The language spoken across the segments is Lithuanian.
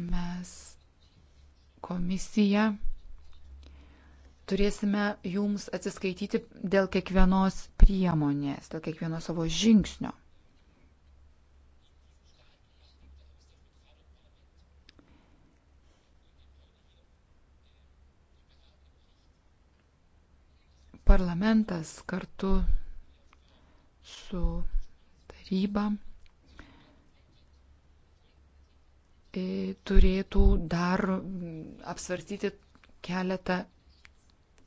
mes komisija turėsime jums atsiskaityti dėl kiekvienos priemonės, dėl kiekvieno savo žingsnio. Parlamentas kartu su taryba E, turėtų dar mm, apsvarstyti keletą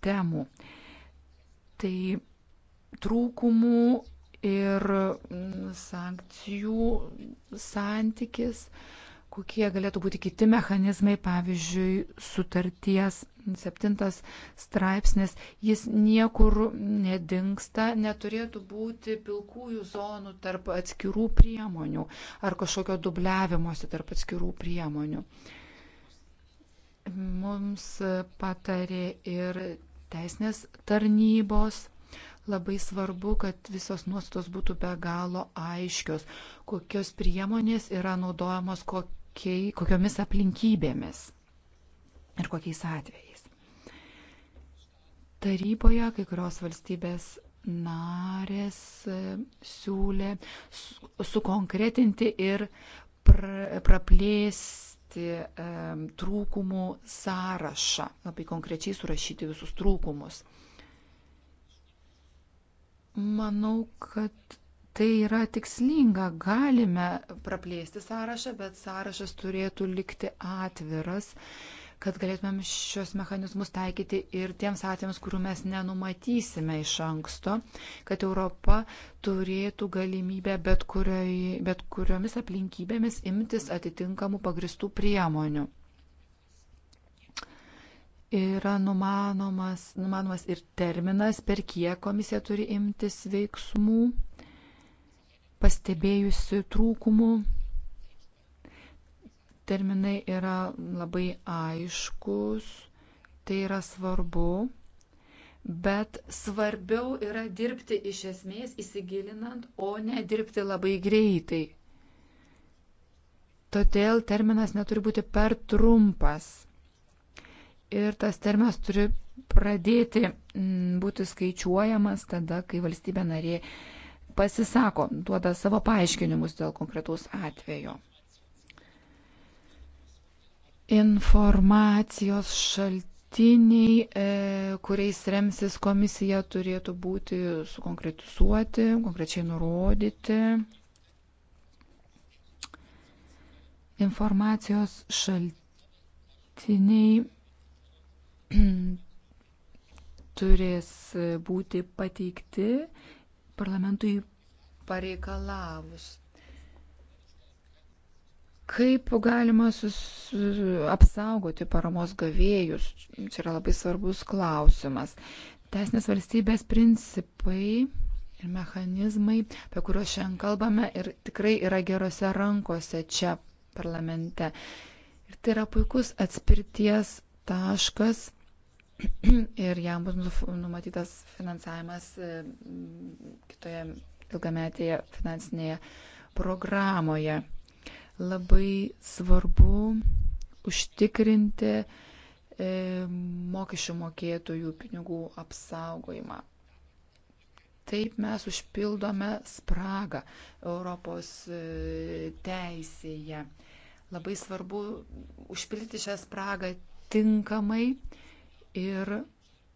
temų. Tai trūkumų ir mm, sankcijų santykis kokie galėtų būti kiti mechanizmai, pavyzdžiui, sutarties septintas straipsnis, jis niekur nedingsta, neturėtų būti pilkųjų zonų tarp atskirų priemonių ar kažkokio dubliavimuose tarp atskirų priemonių. Mums patarė ir teisinės tarnybos labai svarbu, kad visos nuostatos būtų be galo aiškios, kokios priemonės yra naudojamos, kokios kokiai, kokiomis aplinkybėmis ir kokiais atvejais. Taryboje kai kurios valstybės narės e, siūlė sukonkretinti ir praplėsti e, trūkumų sąrašą, labai konkrečiai surašyti visus trūkumus. Manau, kad tai yra tikslinga, galime praplėsti sąrašą, bet sąrašas turėtų likti atviras, kad galėtumėm šios mechanizmus taikyti ir tiems atvejams, kurių mes nenumatysime iš anksto, kad Europa turėtų galimybę bet, kurioj, bet kuriomis aplinkybėmis imtis atitinkamų pagristų priemonių yra numanomas, numanomas ir terminas, per kiek komisija turi imtis veiksmų pastebėjusi trūkumų. Terminai yra labai aiškus, tai yra svarbu, bet svarbiau yra dirbti iš esmės įsigilinant, o ne dirbti labai greitai. Todėl terminas neturi būti per trumpas. Ir tas terminas turi pradėti mm, būti skaičiuojamas tada, kai valstybė narė pasisako, duoda savo paaiškinimus dėl konkretaus atvejo. Informacijos šaltiniai, e, kuriais remsis komisija, turėtų būti sukonkretizuoti, konkrečiai nurodyti. Informacijos šaltiniai turės būti pateikti parlamentui pareikalavus. Kaip galima sus, apsaugoti paramos gavėjus? Čia yra labai svarbus klausimas. Teisinės valstybės principai ir mechanizmai, apie kuriuos šiandien kalbame, ir tikrai yra gerose rankose čia parlamente. Ir tai yra puikus atspirties taškas ir jam bus numatytas finansavimas e, kitoje ilgametėje finansinėje programoje. Labai svarbu užtikrinti e, mokesčių mokėtojų pinigų apsaugojimą. Taip mes užpildome spragą Europos e, teisėje. Labai svarbu užpildyti šią spragą tinkamai ir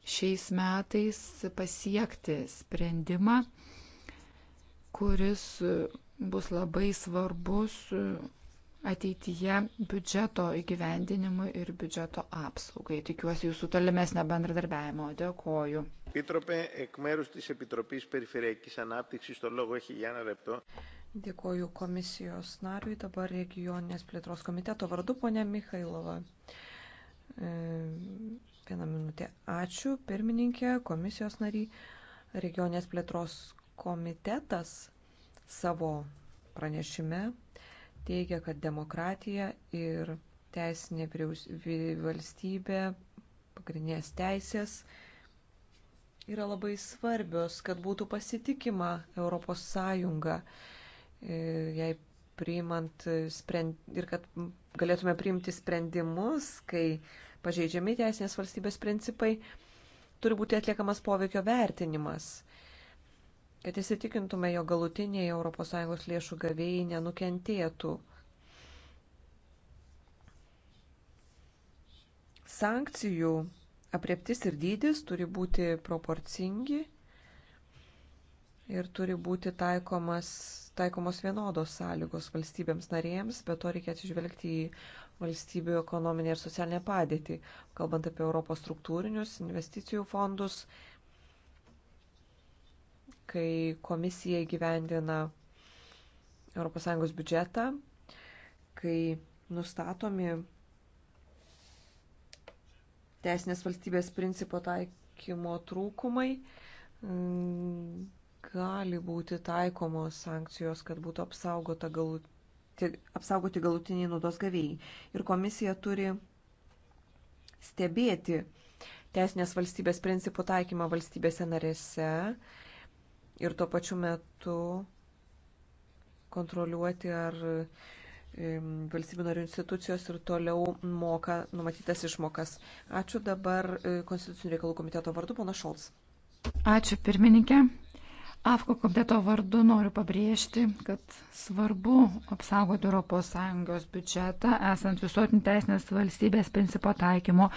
šiais metais pasiekti sprendimą, kuris bus labai svarbus ateityje biudžeto įgyvendinimui ir biudžeto apsaugai. Tikiuosi jūsų tolimesnio bendradarbiavimo. Dėkoju. Dėkoju komisijos nariui, dabar regioninės plėtros komiteto vardu, ponė Mikhailova. E Vieną minutę. Ačiū, pirmininkė, komisijos nariai. Regionės plėtros komitetas savo pranešime teigia, kad demokratija ir teisinė valstybė, pagrindinės teisės yra labai svarbios, kad būtų pasitikima Europos Sąjunga, e, jai priimant sprend... ir kad galėtume priimti sprendimus, kai pažeidžiami teisinės valstybės principai, turi būti atliekamas poveikio vertinimas, kad įsitikintume, jo galutiniai ES lėšų gavėjai nenukentėtų. Sankcijų apriptis ir dydis turi būti proporcingi ir turi būti taikomas, taikomos vienodos sąlygos valstybėms narėms, bet to reikia atsižvelgti į valstybių ekonominę ir socialinę padėtį. Kalbant apie Europos struktūrinius investicijų fondus, kai komisija įgyvendina ES biudžetą, kai nustatomi teisinės valstybės principo taikymo trūkumai, gali būti taikomos sankcijos, kad būtų apsaugota galutinė apsaugti, apsaugoti galutiniai naudos gavėjai. Ir komisija turi stebėti teisinės valstybės principų taikymą valstybėse narėse ir tuo pačiu metu kontroliuoti, ar valstybių narių institucijos ir toliau moka numatytas išmokas. Ačiū dabar e, Konstitucinių reikalų komiteto vardu, pana Šolts. Ačiū pirmininkė. AFKO komiteto vardu noriu pabrėžti, kad svarbu apsaugoti ES biudžetą, esant visuotinį teisinės valstybės principo taikymo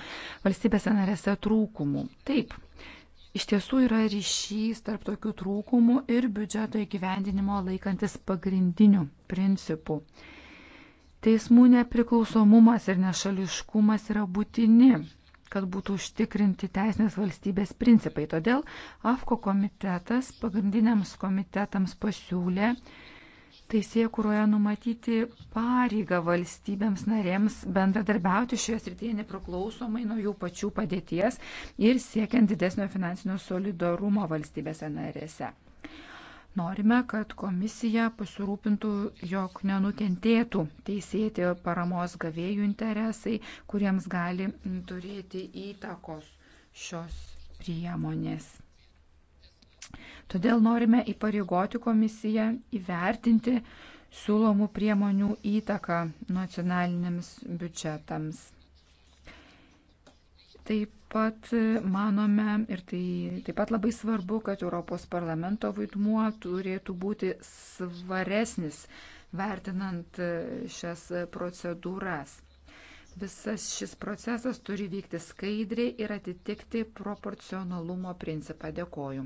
valstybėse narėse trūkumų. Taip, iš tiesų yra ryšys tarp tokių trūkumų ir biudžeto įgyvendinimo laikantis pagrindinių principų. Teismų nepriklausomumas ir nešališkumas yra būtini kad būtų užtikrinti teisinės valstybės principai. Todėl AFKO komitetas pagrindiniams komitetams pasiūlė teisėje, kurioje numatyti pareigą valstybėms narėms bendradarbiauti šioje srityje nepriklausomai nuo jų pačių padėties ir siekiant didesnio finansinio solidarumo valstybėse narėse. Norime, kad komisija pasirūpintų, jog nenukentėtų teisėti paramos gavėjų interesai, kuriems gali turėti įtakos šios priemonės. Todėl norime įpareigoti komisiją įvertinti siūlomų priemonių įtaką nacionaliniams biudžetams. Taip pat manome, ir tai taip pat labai svarbu, kad Europos parlamento vaidmuo turėtų būti svaresnis, vertinant šias procedūras. Visas šis procesas turi vykti skaidriai ir atitikti proporcionalumo principą. Dėkoju.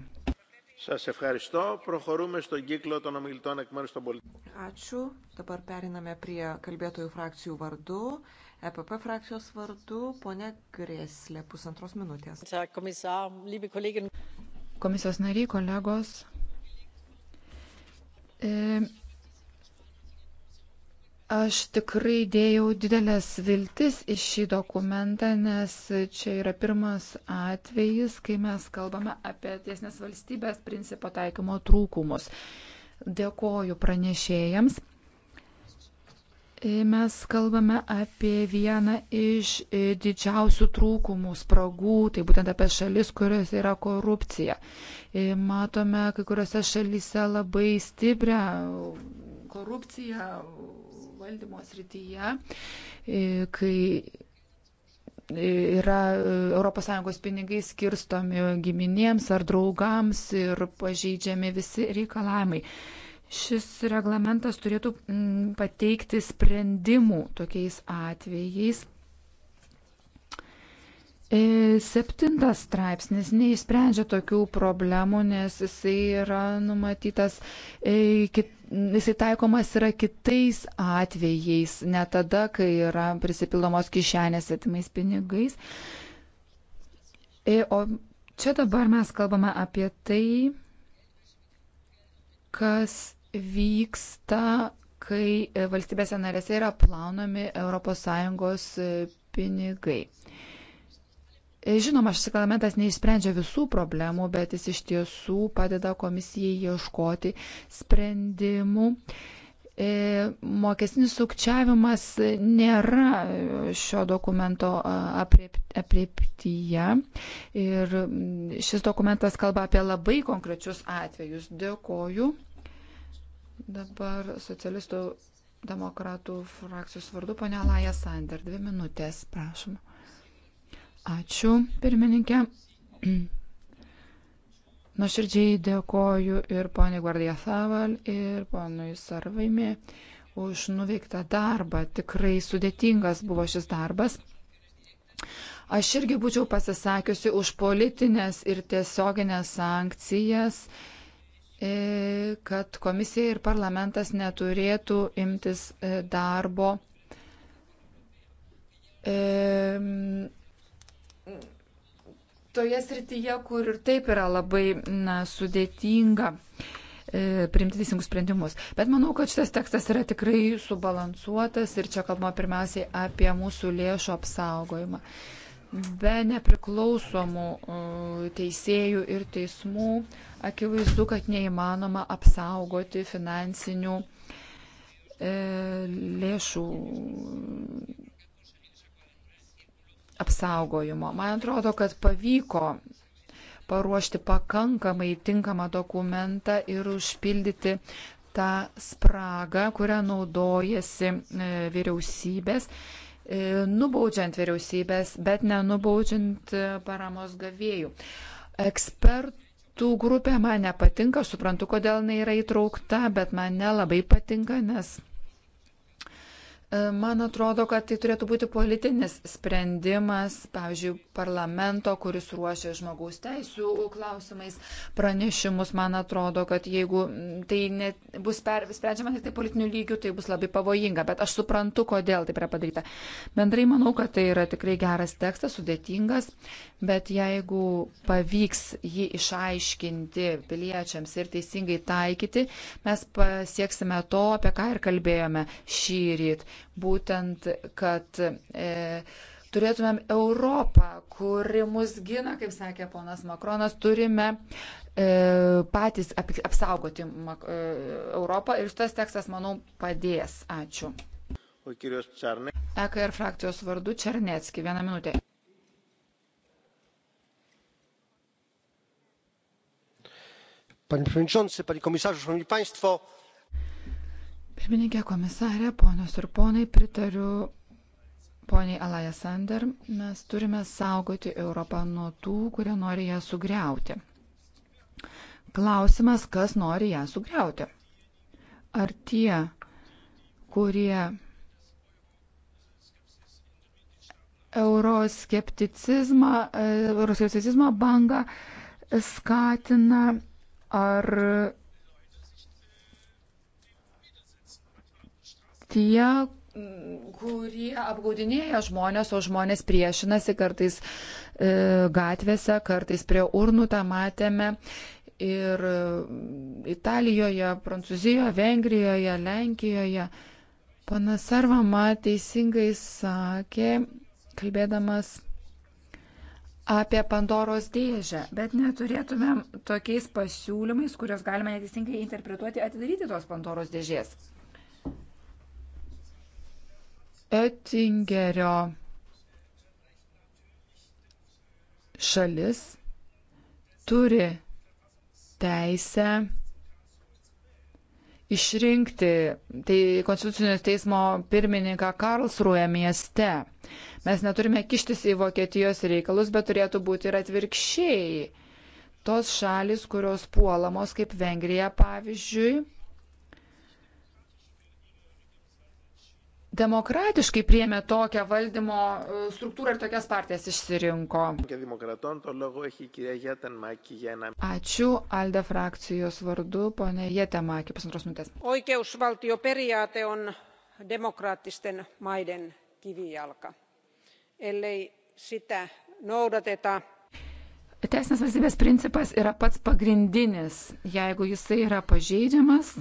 Ačiū. Dabar periname prie kalbėtojų frakcijų vardų. EPP frakcijos vardu ponė Grėslė, pusantros minutės. Komisijos nariai, kolegos. E, aš tikrai dėjau didelės viltis į šį dokumentą, nes čia yra pirmas atvejis, kai mes kalbame apie tiesnės valstybės principo taikymo trūkumus. Dėkoju pranešėjams E, mes kalbame apie vieną iš e, didžiausių trūkumų, spragų, tai būtent apie šalis, kuriuose yra korupcija. E, matome kai kuriuose šalyse labai stiprią korupciją valdymo srityje, kai yra ES pinigai skirstomi giminėms ar draugams ir pažeidžiami visi reikalavimai. Šis reglamentas turėtų mm, pateikti sprendimų tokiais atvejais. E, septintas straipsnis neįsprendžia tokių problemų, nes jisai yra numatytas, e, jisai taikomas yra kitais atvejais, ne tada, kai yra prisipildomos kišenės atimais pinigais. E, o čia dabar mes kalbame apie tai, kas vyksta, kai e, valstybėse narėse yra plaunami ES e, pinigai. E, žinoma, šis reglamentas neišsprendžia visų problemų, bet jis iš tiesų padeda komisijai ieškoti sprendimų. Mokestinis sukčiavimas nėra šio dokumento aprieptyje ir šis dokumentas kalba apie labai konkrečius atvejus. Dėkoju. Dabar socialistų demokratų frakcijos vardu ponia Laja Sander. Dvi minutės, prašom. Ačiū, pirmininkė. Nuoširdžiai dėkoju ir poniai Guardija Saval, ir ponui Sarvaimi už nuveiktą darbą. Tikrai sudėtingas buvo šis darbas. Aš irgi būčiau pasisakiusi už politinės ir tiesioginės sankcijas E, kad komisija ir parlamentas neturėtų imtis e, darbo e, toje srityje, kur ir taip yra labai na, sudėtinga priimti teisingus sprendimus. Bet manau, kad šitas tekstas yra tikrai subalansuotas ir čia kalbama pirmiausiai apie mūsų lėšų apsaugojimą. Be nepriklausomų teisėjų ir teismų akivaizdu, kad neįmanoma apsaugoti finansinių e, lėšų apsaugojimo. Man atrodo, kad pavyko paruošti pakankamai tinkamą dokumentą ir užpildyti tą spragą, kurią naudojasi e, vyriausybės, e, nubaudžiant vyriausybės, bet nenubaudžiant e, paramos gavėjų. Ekspertų Tų grupė man nepatinka, suprantu, kodėl jinai yra įtraukta, bet man nelabai patinka, nes e, man atrodo, kad tai turėtų būti politinis sprendimas, pavyzdžiui, parlamento, kuris ruošia žmogaus teisų klausimais pranešimus. Man atrodo, kad jeigu tai net, bus per, sprendžiama tik tai politiniu lygiu, tai bus labai pavojinga, bet aš suprantu, kodėl taip yra padaryta. Bendrai manau, kad tai yra tikrai geras tekstas, sudėtingas Bet jeigu pavyks jį išaiškinti piliečiams ir teisingai taikyti, mes pasieksime to, apie ką ir kalbėjome šį rytą. Būtent, kad e, turėtumėm Europą, kuri mus gina, kaip sakė ponas Makronas, turime e, patys ap, apsaugoti mak, e, Europą ir šitas tekstas, manau, padės. Ačiū. EKR er frakcijos vardu Černecki. Vieną minutę. panie przewodniczący panie komisarzu szanowni państwo! pirmininke komisare ponios ir ponai pritariu poniai alaja sander mes turime saugoti europą nuo tų kurie nori ją sugriauti. klausimas kas nori ją sugriauti? ar tie kurie euroskepticizmą, euroskepticizmo bangą skatina ar tie, kurie apgaudinėja žmonės, o žmonės priešinasi kartais e, gatvėse, kartais prie urnų tą matėme. Ir Italijoje, Prancūzijoje, Vengrijoje, Lenkijoje. Panas Arvama teisingai sakė, kalbėdamas apie Pandoros dėžę, bet neturėtumėm tokiais pasiūlymais, kurios galima neteisingai interpretuoti, atidaryti tos Pandoros dėžės. Ettingerio šalis turi teisę išrinkti tai konstitucinio teismo pirmininką Karlsruoja mieste. Mes neturime kištis į Vokietijos reikalus, bet turėtų būti ir atvirkščiai. Tos šalis, kurios puolamos, kaip Vengrija pavyzdžiui, demokratiškai priemė tokią valdymo e, struktūrą ir tokias partijas išsirinko. Ačiū Alde frakcijos vardu, ponė Jetemaki, pusantros minutės. Oikeusvaltioperiaate on demokraattisten maiden kivijalka. Ellei sitä noudateta, Teisinės valstybės principas yra pats pagrindinis. Jeigu jisai yra pažeidžiamas,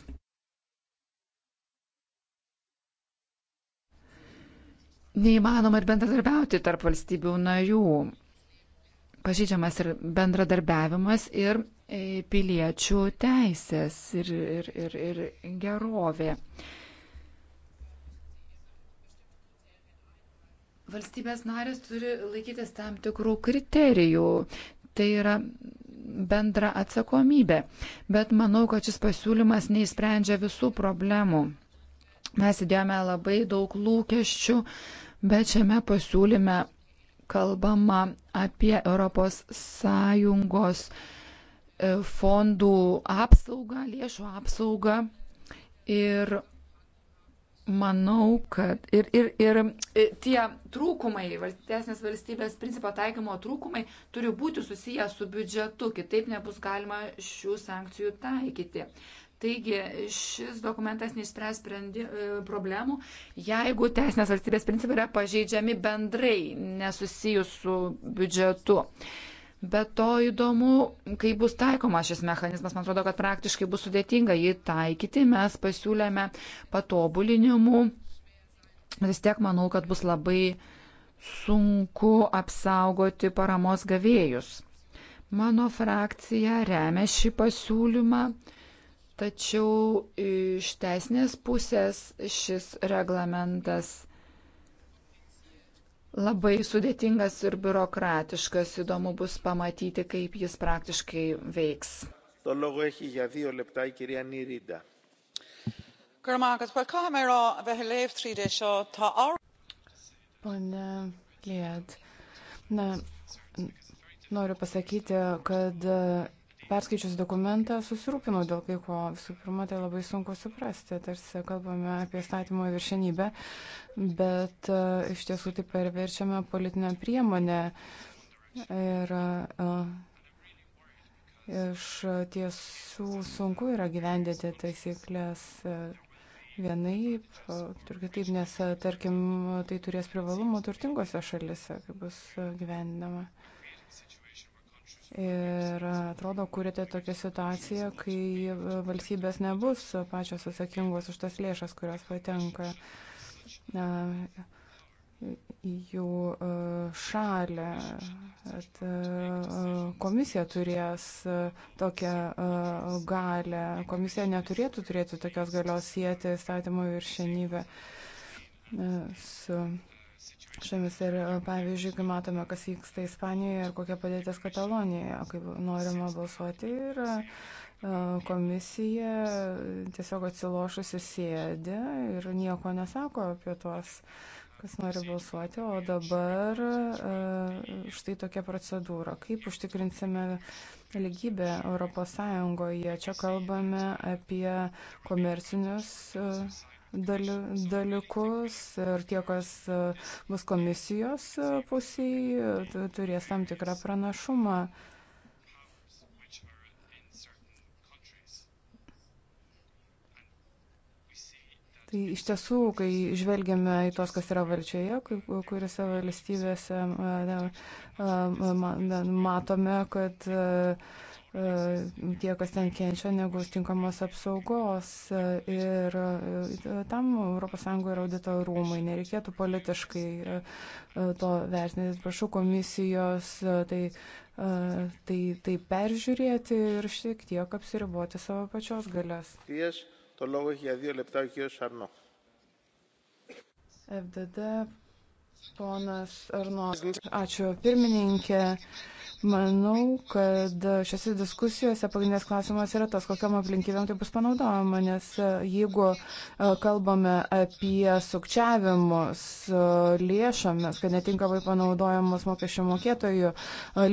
neįmanoma ir bendradarbiauti tarp valstybių narių. Pažydžiamas ir bendradarbiavimas ir e, piliečių teisės ir, ir, ir, ir gerovė. Valstybės narės turi laikytis tam tikrų kriterijų. Tai yra bendra atsakomybė. Bet manau, kad šis pasiūlymas neįsprendžia visų problemų. Mes įdėjome labai daug lūkesčių, bet šiame pasiūlyme kalbama apie Europos Sąjungos e, fondų apsaugą, lėšų apsaugą. Ir manau, kad ir, ir, ir e, tie trūkumai, valstybės valstybės principo taikymo trūkumai turi būti susiję su biudžetu, kitaip nebus galima šių sankcijų taikyti. Taigi šis dokumentas neišspręs e, problemų, jeigu teisinės valstybės principai yra pažeidžiami bendrai, nesusijus su biudžetu. Bet to įdomu, kaip bus taikoma šis mechanizmas. Man atrodo, kad praktiškai bus sudėtinga jį taikyti. Mes pasiūlėme patobulinimų. Vis tiek manau, kad bus labai sunku apsaugoti paramos gavėjus. Mano frakcija remia šį pasiūlymą. Tačiau iš teisinės pusės šis reglamentas labai sudėtingas ir biurokratiškas. Įdomu bus pamatyti, kaip jis praktiškai veiks. Pane Liet, na, noriu pasakyti, kad Perskaičius dokumentą susirūpinau dėl kai ko. Visų pirma, tai labai sunku suprasti, tarsi kalbame apie statymo viršenybę, bet uh, iš tiesų tai perverčiame politinę priemonę. Ir uh, iš tiesų sunku yra gyvendyti taisyklės. Uh, vienaip, ir kitaip, nes, tarkim, tai turės privalumų turtingose šalise, kaip bus gyvendinama. Ir atrodo, kurite tokią situaciją, kai e, valstybės nebus pačios atsakingos už tas lėšas, kurios patenka e, į jų e, šalį. At komisija turės tokią galę. Komisija neturėtų turėti tokios galios sieti įstatymo viršenybę su šiomis ir e, pavyzdžiui, kai matome, kas vyksta Ispanijoje ir kokia padėtis Katalonijoje, kaip norima balsuoti ir e, komisija tiesiog atsilošusi sėdi ir nieko nesako apie tuos, kas nori balsuoti, o dabar e, štai tokia procedūra. Kaip užtikrinsime lygybę Europos Sąjungoje? Čia kalbame apie komercinius dalykus ir tie, kas e, bus komisijos e, pusėje, turės tam tikrą pranašumą. Tai iš tiesų, kai žvelgiame į tos, kas yra valdžioje, kuriuose valstybėse e, matome, kad uh, E, tie, kas ten kenčia, negu tinkamos apsaugos. E, ir e, tam ES ir audito rūmai nereikėtų politiškai to vertinti. Prašau komisijos tai, tai, tai peržiūrėti ir šiek tiek apsiriboti savo pačios galės. FDD Ponas Arnos, ačiū pirmininkė. Manau, kad šiose diskusijose pagrindinės klausimas yra tas, kokiam aplinkybėm tai bus panaudojama, nes e, jeigu e, kalbame apie sukčiavimus e, lėšomis, kad netinkamai panaudojamos mokesčio mokėtojų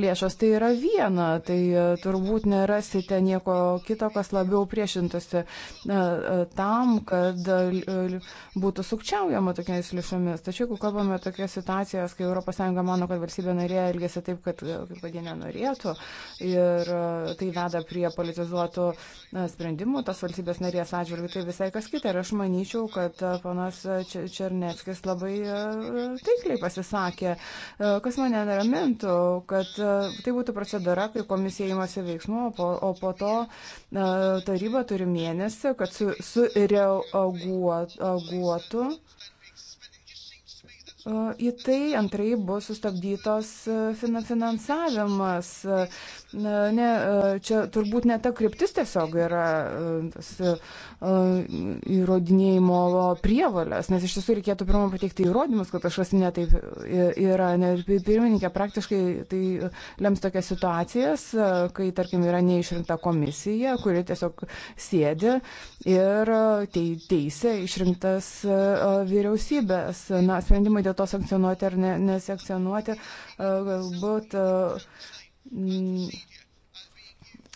lėšos, tai yra viena, tai turbūt nerasite nieko kito, kas labiau priešintųsi tam, kad būtų sukčiaujama tokiais lėšomis. Tačiau, jeigu kalbame tokia tokias situacijas, kai ES mano, kad valstybė narė elgėsi taip, kad, e, kad jie nenorėtų ir e, tai veda prie politizuotų e, sprendimų tas valstybės narės atžvilgių, tai visai kas kita. Ir aš manyčiau, kad panas Černeckis labai taikliai pasisakė, kas mane neramintų, kad tai būtų procedūra, kai komisija įmasi veiksmų, o po to taryba turi mėnesį, kad sureaguotų. Su E, į tai, antrai bus sustabdytos e, finansavimas. Ne, e, čia turbūt ne ta kryptis tiesiog yra e, tas e, įrodinėjimo prievalės, nes iš tiesų reikėtų pirmą pateikti įrodymus, kad kažkas netaip yra. Ne, pirmininkė praktiškai tai lems tokias situacijas, kai, tarkim, yra neišrinkta komisija, kuri tiesiog sėdi ir teisė išrinktas vyriausybės. Na, sprendimai dėl to sankcionuoti ar ne, nesankcionuoti galbūt Mm,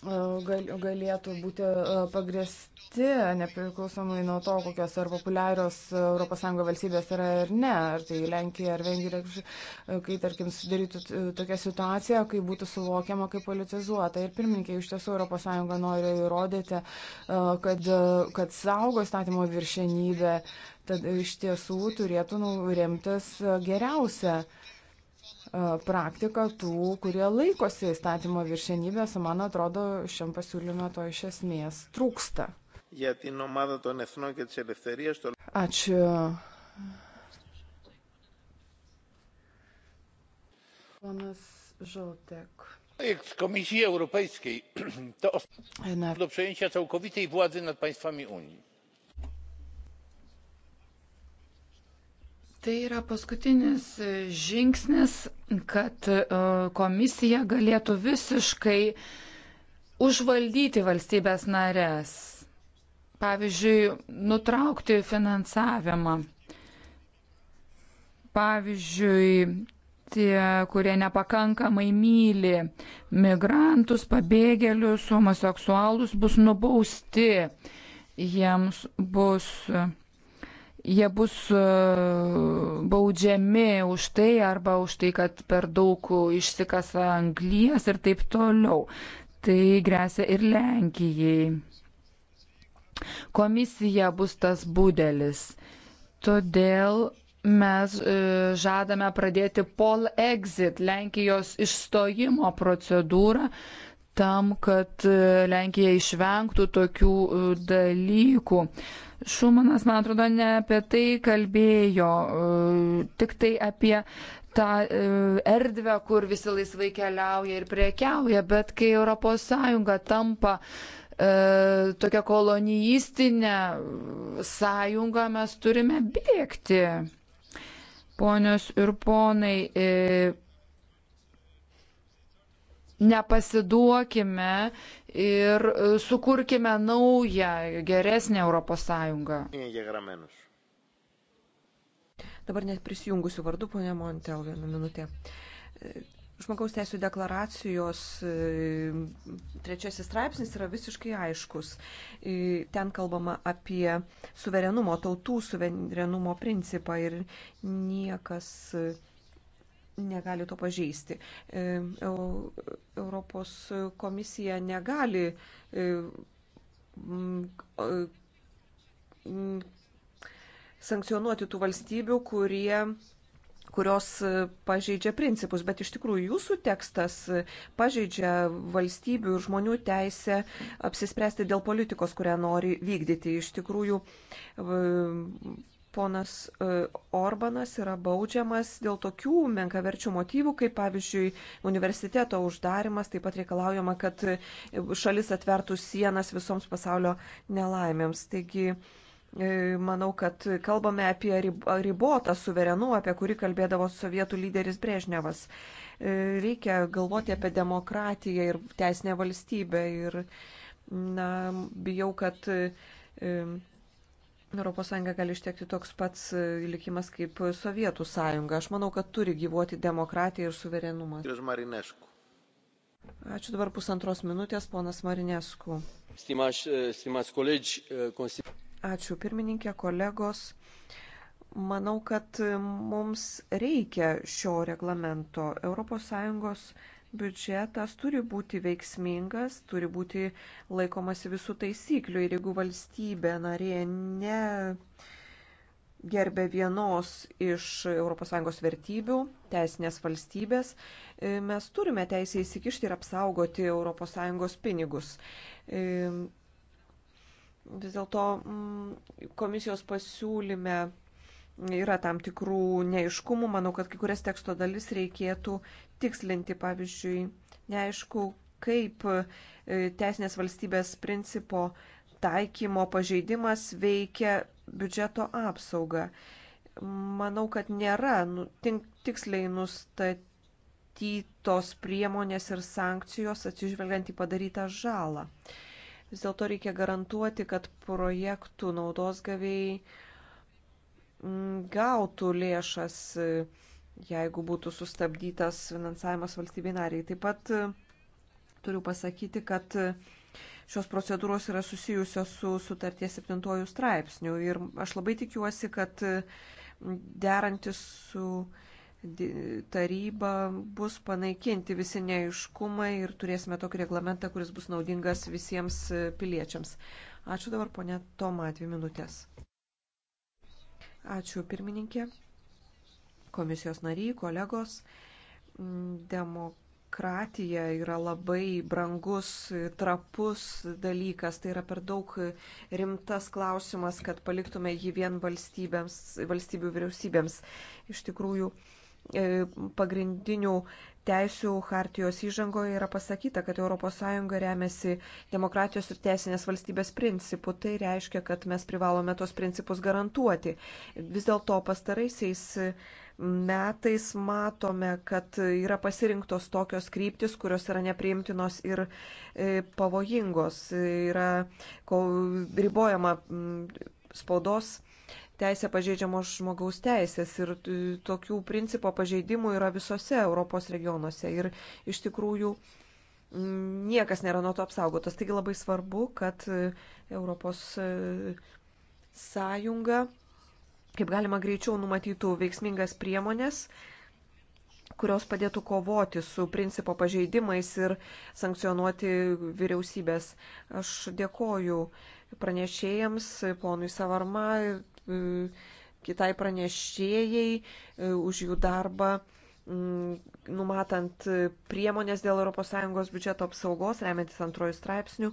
galėtų būti e, pagrėsti nepriklausomai nuo to, kokios ar populiarios ES valstybės yra ar ne, ar tai Lenkija ar Vengrija, e, kai tarkim sudarytų e, tokią situaciją, kai būtų suvokiama kaip politizuota. Ir pirmininkai, iš tiesų ES nori įrodyti, kad, kad saugo statymo viršenybę, tad iš tiesų turėtų nu, remtis geriausia praktiką tų, kurie laikosi įstatymo viršenybės, man atrodo, šiam pasiūlyme to iš esmės trūksta. Ačiū. Ponas Žoltek. Projekt Komisji Europejskiej to do przejęcia całkowitej władzy nad państwami Unii. Tai yra paskutinis žingsnis, kad e, komisija galėtų visiškai užvaldyti valstybės narės. Pavyzdžiui, nutraukti finansavimą. Pavyzdžiui, tie, kurie nepakankamai myli migrantus, pabėgėlius, homoseksualus, bus nubausti. Jiems bus jie bus e, baudžiami už tai arba už tai, kad per daug išsikasa anglijas ir taip toliau. Tai grėsia ir Lenkijai. Komisija bus tas būdelis. Todėl mes e, žadame pradėti pol exit, Lenkijos išstojimo procedūrą, tam, kad e, Lenkija išvengtų tokių dalykų. Šumanas, man atrodo, ne apie tai kalbėjo, e, tik tai apie tą e, erdvę, kur visi laisvai keliauja ir priekiauja, bet kai ES tampa e, tokia kolonijistinė sąjunga, mes turime bėgti. Ponios ir ponai, nepasiduokime ir e, sukurkime naują, geresnę Europos Sąjungą. Dabar net prisijungusiu vardu, ponė Montel, vieną minutę. E, žmogaus teisų deklaracijos e, trečiasis straipsnis yra visiškai aiškus. Ten kalbama apie suverenumo, tautų suverenumo principą ir niekas negali to pažeisti. E, Europos komisija negali e, sankcionuoti tų valstybių, kurie kurios e, pažeidžia principus, bet iš tikrųjų jūsų tekstas pažeidžia valstybių ir žmonių teisę apsispręsti dėl politikos, kurią nori vykdyti. Iš tikrųjų ponas e, Orbanas yra baudžiamas dėl tokių menkaverčių motyvų, kaip pavyzdžiui universiteto uždarimas, taip pat reikalaujama, kad e, šalis atvertų sienas visoms pasaulio nelaimėms. Taigi, e, manau, kad kalbame apie ribotą suverenų, apie kurį kalbėdavo sovietų lyderis Brežnevas. Reikia galvoti apie demokratiją ir teisinę valstybę. Ir, na, bijau, kad ES gali ištekti toks pats e, likimas kaip Sovietų sąjunga. Aš manau, kad turi gyvuoti demokratija ir suverenumas. Ačiū dabar pusantros minutės, ponas Marinesku. E, e, Ačiū pirmininkė, kolegos. Manau, kad mums reikia šio reglamento. ES biudžetas turi būti veiksmingas, turi būti laikomasi visų taisyklių ir jeigu valstybė narė ne gerbė vienos iš ES vertybių, teisinės valstybės, e, mes turime teisę įsikišti ir apsaugoti ES pinigus. E, vis dėlto mm, komisijos pasiūlyme yra tam tikrų neiškumų. Manau, kad kai kurias teksto dalis reikėtų tikslinti. Pavyzdžiui, neaišku, kaip e, teisinės valstybės principo taikymo pažeidimas veikia biudžeto apsaugą. Manau, kad nėra nu, tink, tiksliai nustatytos priemonės ir sankcijos atsižvelgiant į padarytą žalą. Vis dėlto reikia garantuoti, kad projektų naudos gavėjai Mm, gautų lėšas, e, jeigu būtų sustabdytas finansavimas valstybei nariai. Taip pat e, turiu pasakyti, kad e, šios procedūros yra susijusios su sutarties septintojų straipsnių ir aš labai tikiuosi, kad derantis su taryba bus panaikinti visi neiškumai ir turėsime tokį reglamentą, kuris bus naudingas visiems piliečiams. Ačiū dabar, ponė Toma, dvi minutės. Ačiū pirmininkė, komisijos nariai, kolegos. Demokratija yra labai brangus, trapus dalykas. Tai yra per daug rimtas klausimas, kad paliktume jį vien valstybių vyriausybėms. Iš tikrųjų, E, pagrindinių teisų hartijos įžangoje yra pasakyta, kad ES remiasi demokratijos ir teisinės valstybės principų. Tai reiškia, kad mes privalome tos principus garantuoti. Vis dėlto pastaraisiais metais matome, kad yra pasirinktos tokios kryptis, kurios yra nepriimtinos ir e, pavojingos. Yra ribojama spaudos teisė pažeidžiamos žmogaus teisės ir tokių principo pažeidimų yra visose Europos regionuose ir iš tikrųjų niekas nėra nuo to apsaugotas. Taigi labai svarbu, kad e, Europos e, sąjunga kaip galima greičiau numatytų veiksmingas priemonės, kurios padėtų kovoti su principo pažeidimais ir sankcionuoti vyriausybės. Aš dėkoju pranešėjams, ponui Savarma, Mm, kitai pranešėjai e, už jų darbą mm, numatant priemonės dėl ES biudžeto apsaugos, remiantis antrojų straipsnių.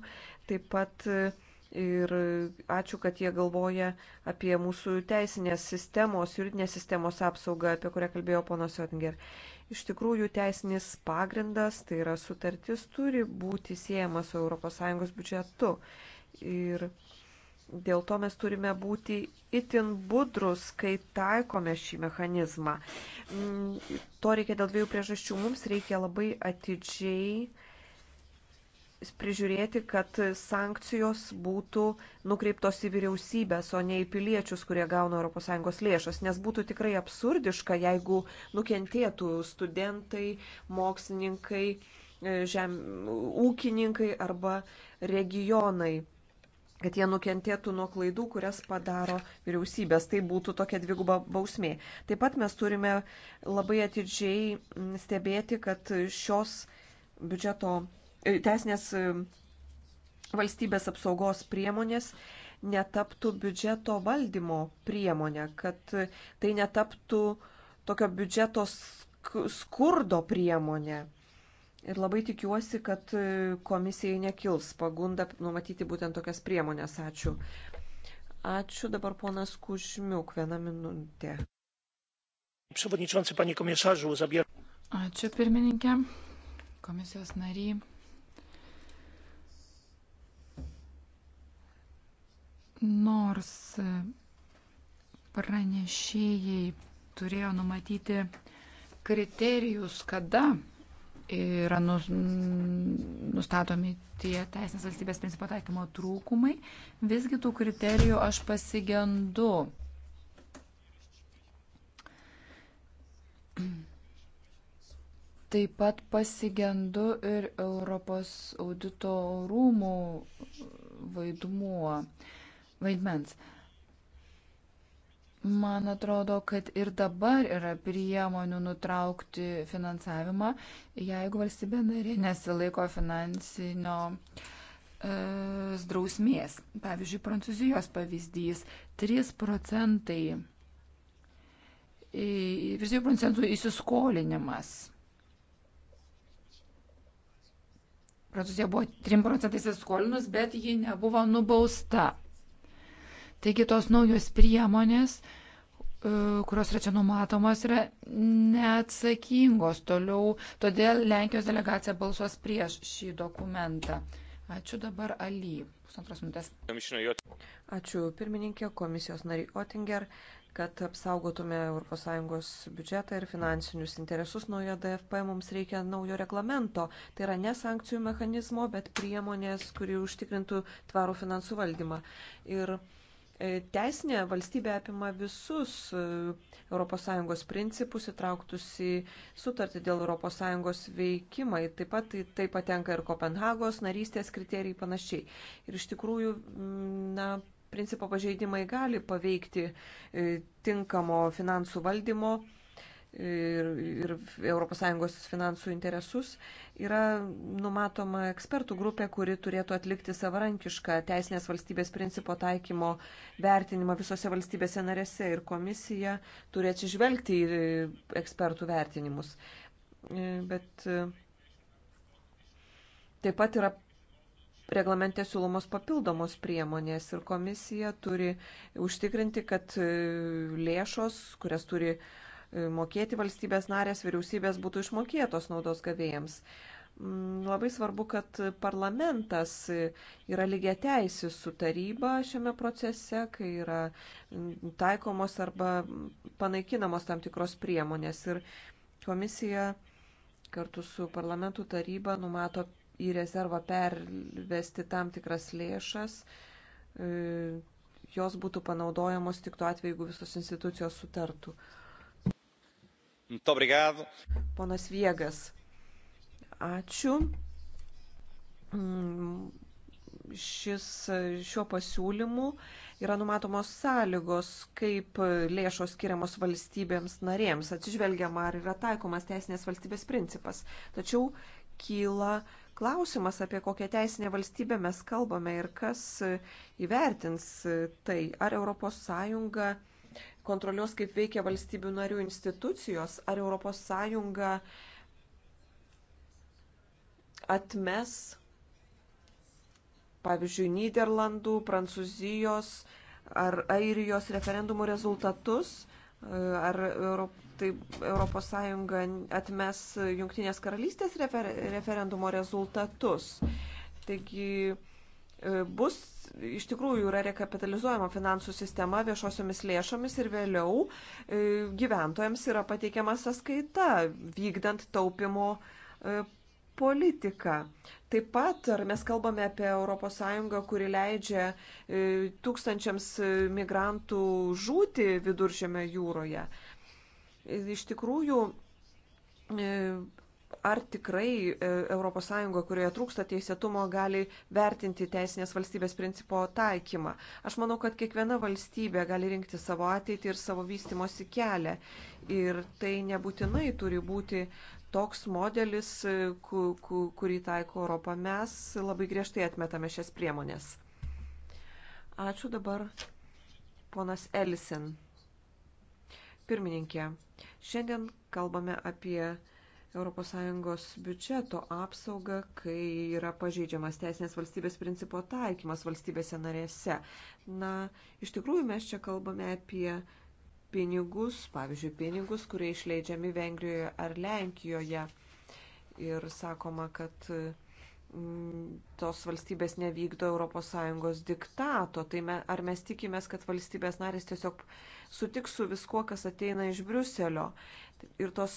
Taip pat e, ir ačiū, kad jie galvoja apie mūsų teisinės sistemos, juridinės sistemos apsaugą, apie kurią kalbėjo ponas Jotinger. Iš tikrųjų, teisinis pagrindas, tai yra sutartis, turi būti siejamas su ES biudžetu. Ir Dėl to mes turime būti itin budrus, kai taikome šį mechanizmą. Mm, to reikia dėl dviejų priežasčių. Mums reikia labai atidžiai prižiūrėti, kad sankcijos būtų nukreiptos į vyriausybės, o ne į piliečius, kurie gauna ES lėšas, nes būtų tikrai absurdiška, jeigu nukentėtų studentai, mokslininkai, e, žem, ūkininkai arba regionai kad jie nukentėtų nuo klaidų, kurias padaro vyriausybės. Tai būtų tokia dviguba bausmė. Taip pat mes turime labai atidžiai stebėti, kad šios biudžeto e, teisinės e, valstybės apsaugos priemonės netaptų biudžeto valdymo priemonė, kad tai netaptų tokio biudžeto skurdo priemonė. Ir labai tikiuosi, kad e, komisijai nekils pagunda numatyti būtent tokias priemonės. Ačiū. Ačiū dabar ponas Kušmiuk, vieną minutę. Ačiū pirmininkė, komisijos nariai. Nors pranešėjai turėjo numatyti kriterijus, kada yra nustatomi tie teisinės valstybės principo taikymo trūkumai. Visgi tų kriterijų aš pasigendu. Taip pat pasigendu ir Europos audito rūmų vaidmuo, vaidmens. Man atrodo, kad ir dabar yra priemonių nutraukti finansavimą, jeigu valstybė narė nesilaiko finansinio e, drausmės. Pavyzdžiui, Prancūzijos pavyzdys - 3 procentai, visų procentų įsiskolinimas. Prancūzija buvo 3 procentais įsiskolinus, bet ji nebuvo nubausta. Taigi tos naujos priemonės, e, kurios yra čia numatomos, yra neatsakingos toliau. Todėl Lenkijos delegacija balsuos prieš šį dokumentą. Ačiū dabar Ali. Pusantros minutės. Ačiū pirmininkė, komisijos nariai Otinger, kad apsaugotume ES biudžetą ir finansinius interesus naujo DFP, mums reikia naujo reglamento. Tai yra ne sankcijų mechanizmo, bet priemonės, kuri užtikrintų tvarų finansų valdymą. Ir E, teisinė valstybė apima visus ES principus įtrauktus į sutartį dėl ES veikimą. Taip pat tai, tai patenka ir Kopenhagos narystės kriterijai panašiai. Ir iš tikrųjų, na, principo pažeidimai gali paveikti e, tinkamo finansų valdymo ir, ir ES finansų interesus, yra numatoma ekspertų grupė, kuri turėtų atlikti savarankišką teisinės valstybės principo taikymo vertinimą visose valstybėse narėse ir komisija turi atsižvelgti į ekspertų vertinimus. E, bet e, taip pat yra reglamente siūlomos papildomos priemonės ir komisija turi užtikrinti, kad e, lėšos, kurias turi uh, mokėti valstybės narės, vyriausybės būtų išmokėtos naudos gavėjams. Mm, labai svarbu, kad parlamentas yra lygiai teisė su taryba šiame procese, kai yra taikomos arba panaikinamos tam tikros priemonės. Ir komisija kartu su parlamentų taryba numato į rezervą pervesti tam tikras lėšas, e, jos būtų panaudojamos tik tuo atveju, jeigu visos institucijos sutartų. Ponas Viegas, ačiū. Mm, šis, šiuo pasiūlymu yra numatomos sąlygos, kaip lėšos skiriamos valstybėms narėms, atsižvelgiama ar yra taikomas teisinės valstybės principas. Tačiau kyla klausimas, apie kokią teisinę valstybę mes kalbame ir kas įvertins tai, ar ES kontroliuos, kaip veikia valstybių narių institucijos, ar ES atmes, pavyzdžiui, Niderlandų, Prancūzijos ar Airijos referendumų rezultatus, ar Europ... tai ES atmes Junktinės karalystės refer... referendumo rezultatus. Taigi, E, bus iš tikrųjų yra rekapitalizuojama finansų sistema viešosiomis lėšomis ir vėliau e, gyventojams yra pateikiama sąskaita vykdant taupimo e, politiką. Taip pat, ar mes kalbame apie ES, kuri leidžia tūkstančiams migrantų žūti viduržėme jūroje. Iš tikrųjų, ar tikrai ES, kurioje trūksta teisėtumo, gali vertinti teisinės valstybės principo taikymą. Aš manau, kad kiekviena valstybė gali rinkti savo ateitį ir savo vystimosi kelią. Ir tai nebūtinai turi būti toks modelis, e, kurį taiko Europą. Mes labai griežtai atmetame šias priemonės. Ačiū dabar ponas Ellison. Pirmininkė, šiandien kalbame apie ES biudžeto apsaugą, kai yra pažeidžiamas teisinės valstybės principo taikymas valstybėse narėse. Na, iš tikrųjų mes čia kalbame apie pinigus, pavyzdžiui, pinigus, kurie išleidžiami Vengrijoje ar Lenkijoje. Ir sakoma, kad mm, tos valstybės nevykdo ES diktato. Tai me, ar mes tikimės, kad valstybės narės tiesiog sutiks su viskuo, kas ateina iš Briuselio? ir tos,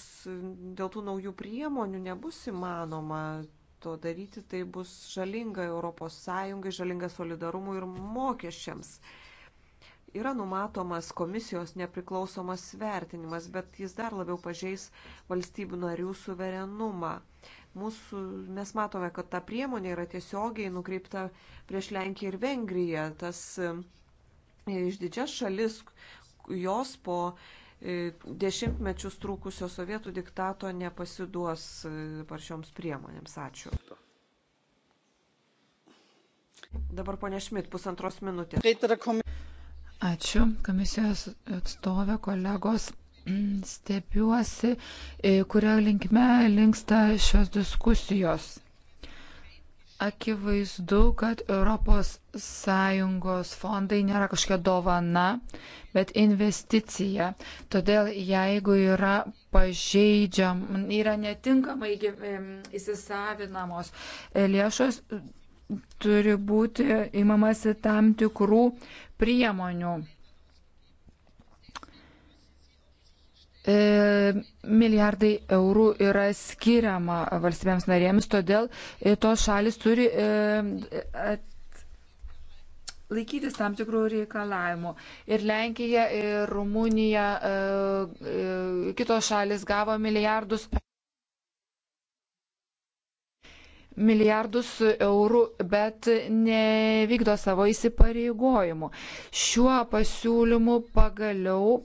dėl tų naujų priemonių nebus įmanoma to daryti, tai bus žalinga ES, žalinga solidarumui ir mokesčiams. Yra numatomas komisijos nepriklausomas vertinimas, bet jis dar labiau pažeis valstybių narių suverenumą. Mūsų, mes matome, kad ta priemonė yra tiesiogiai nukreipta prieš Lenkiją ir Vengriją. Tas e, iš didžias šalis, jos po E, dešimtmečius trūkusio sovietų diktato nepasiduos par e, šioms priemonėms. Ačiū. Dabar ponė Šmit, pusantros minutės. Ačiū, komisijos atstovė, kolegos. Stebiuosi, e, kurio linkme linksta šios diskusijos. Akivaizdu, kad ES fondai nėra kažkokia dovana, bet investicija. Todėl jeigu yra pažeidžiam, yra netinkamai įsisavinamos e, lėšos, turi būti imamasi tam tikrų priemonių. E, milijardai eurų yra skiriama valstybėms narėms, todėl e, tos šalis turi e, laikytis tam tikrų reikalavimų. Ir Lenkija, ir Rumunija, kitos šalis gavo milijardus milijardus eurų, bet nevykdo savo įsipareigojimų. Šiuo pasiūlymu pagaliau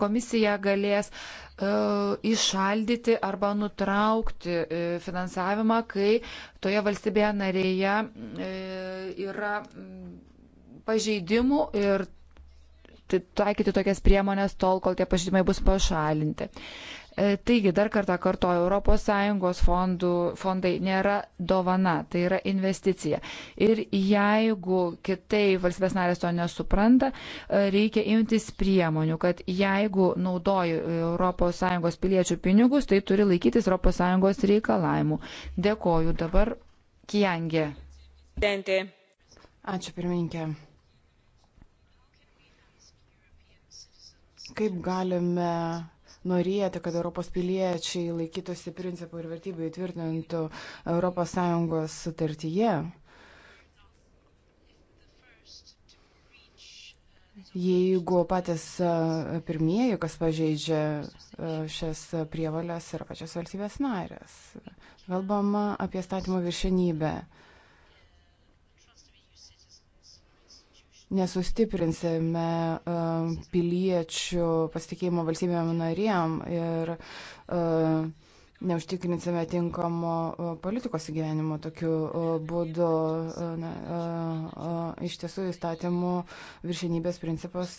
komisija galės išaldyti e, arba nutraukti e, finansavimą, kai toje valstybėje narėje e, yra pažeidimų ir taikyti tokias priemonės tol, kol tie pažeidimai bus pašalinti. Uh, E, taigi, dar kartą kartoju, ES fondų, fondai nėra dovana, tai yra investicija. Ir jeigu kitai valstybės narės to nesupranta, e, reikia imtis priemonių, kad jeigu naudoji ES piliečių pinigus, tai turi laikytis ES reikalavimų. Dėkoju dabar Kijangė. Ačiū pirmininkė. Kaip galime norėti, kad Europos piliečiai laikytųsi principų ir vertybių įtvirtintų ES sutartyje. Jeigu patys pirmieji, kas pažeidžia šias prievalės, yra pačios valstybės narės. Kalbama apie statymo viršenybę. nesustiprinsime e, piliečių pasitikėjimo valstybėm narėm ir uh, neužtikrinsime tinkamo politikos įgyvenimo tokiu būdu. Na, iš tiesų įstatymų viršinybės principas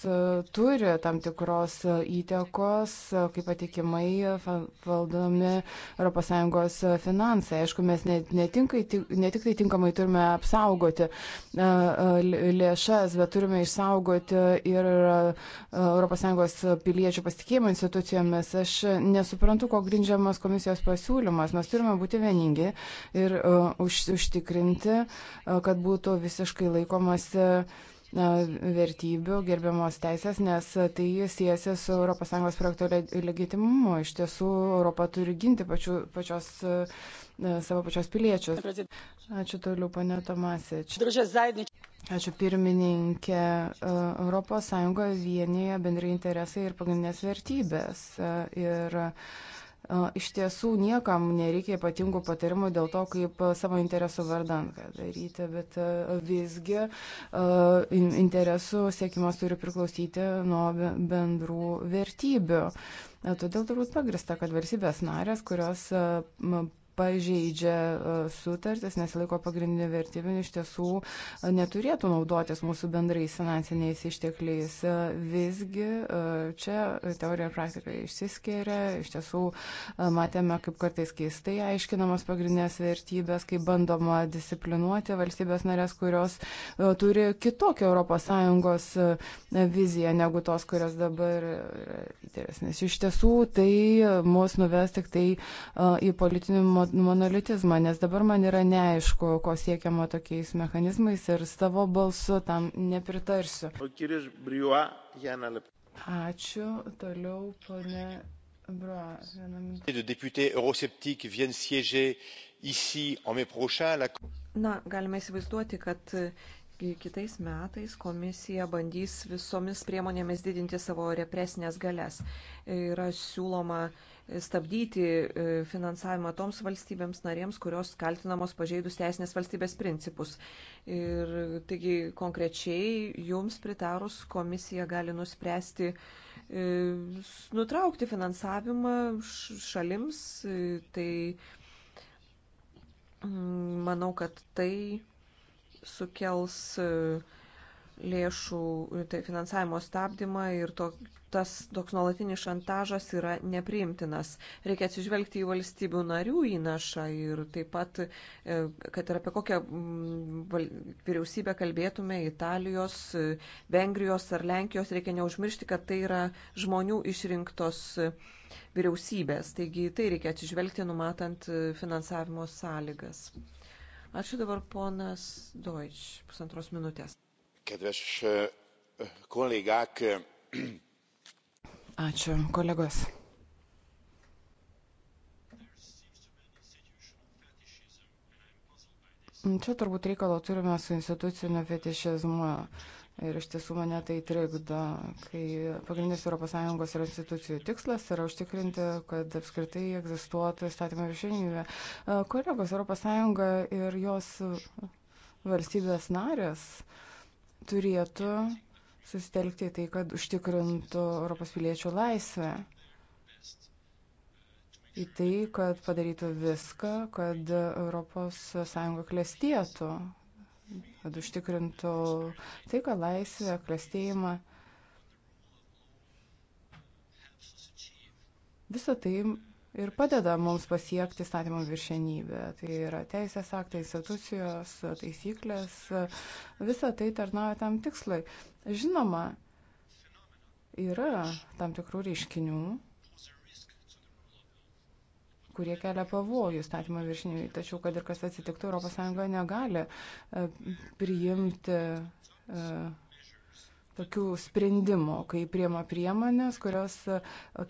turi tam tikros įtekos, kaip patikimai valdomi ES finansai. Aišku, mes ne, netinkai, ne tik tai tinkamai turime apsaugoti lėšas, bet turime išsaugoti ir ES piliečių pasitikėjimą institucijomis. Aš nesuprantu, ko grindžiamas komisijos komisijos pasiūlymas. Mes turime būti vieningi ir uh, už, užtikrinti, uh, kad būtų visiškai laikomasi uh, vertybių, gerbiamos teisės, nes tai siejasi su ES projekto legitimumu. Iš tiesų, Europa turi ginti pačių, pačios, savo pačios piliečius. Ačiū toliau, pane Tomasič. Ačiū pirmininkė. ES vienyje bendrai interesai ir pagrindinės vertybės. Ir Iš tiesų niekam nereikia ypatingų patarimų dėl to, kaip savo interesų vardan ką daryti, bet visgi interesų siekimas turi priklausyti nuo bendrų vertybių. Todėl turbūt pagrista, kad valstybės narės, kurios pažeidžia e, sutartis, nesilaiko pagrindinio vertybinio, iš tiesų e, neturėtų naudotis mūsų bendrais finansiniais ištekliais. E, visgi čia teorija ir praktika išsiskiria, iš tiesų matėme, kaip kartais keistai aiškinamos pagrindinės vertybės, kaip bandoma disciplinuoti valstybės narės, kurios turi kitokią ES viziją negu tos, kurios dabar yra įtėresnės. Iš tiesų tai mus nuves tik tai į politinį monolitizmą, nes dabar man yra neaišku, ko siekiama tokiais mechanizmais ir savo balsu tam nepritarsiu. Ačiū. Toliau, ponė de députés eurosceptiques viennent siéger ici en mai prochain. La... Na, galime įsivaizduoti, kad e, kitais metais komisija bandys visomis priemonėmis didinti savo represinės galės. Yra siūloma stabdyti e, finansavimą toms valstybėms narėms, kurios kaltinamos pažeidus teisinės valstybės principus. Ir taigi konkrečiai jums pritarus komisija gali nuspręsti e, nutraukti finansavimą šalims. E, tai manau, kad tai sukels uh, lėšų tai finansavimo stabdymą ir to, tas toks nuolatinis šantažas yra nepriimtinas. Reikia atsižvelgti į valstybių narių įnašą ir taip pat, e, kad ir apie kokią vyriausybę kalbėtume, Italijos, e, Vengrijos ar Lenkijos, reikia neužmiršti, kad tai yra žmonių išrinktos e, vyriausybės. Taigi tai reikia atsižvelgti numatant finansavimo sąlygas. Ačiū dabar ponas Deutsch, pusantros minutės. Kedves kolegák. Ačiū, kolegos. Čia turbūt reikalo turime su instituciniu fetišizmu. Ir iš tiesų mane tai trikdo, kai pagrindinis ES ir institucijų tikslas yra užtikrinti, kad apskritai egzistuotų įstatymą viršinybė. Kolegos ES ir jos valstybės narės uh, turėtų susitelkti į tai, kad užtikrintų Europos piliečių laisvę. Į tai, kad padarytų viską, kad ES klestėtų, kad užtikrintų tai, kad laisvę, klestėjimą. Visą tai ir padeda mums pasiekti statymo viršenybę. Tai yra teisės aktai, institucijos, taisyklės, visa tai tarnauja tam tikslai. Žinoma, yra tam tikrų reiškinių, kurie kelia pavojų statymo viršiniui. Tačiau, kad ir kas atsitiktų, ES negali e, priimti e, tokių sprendimų, kai priema priemonės, kurios e,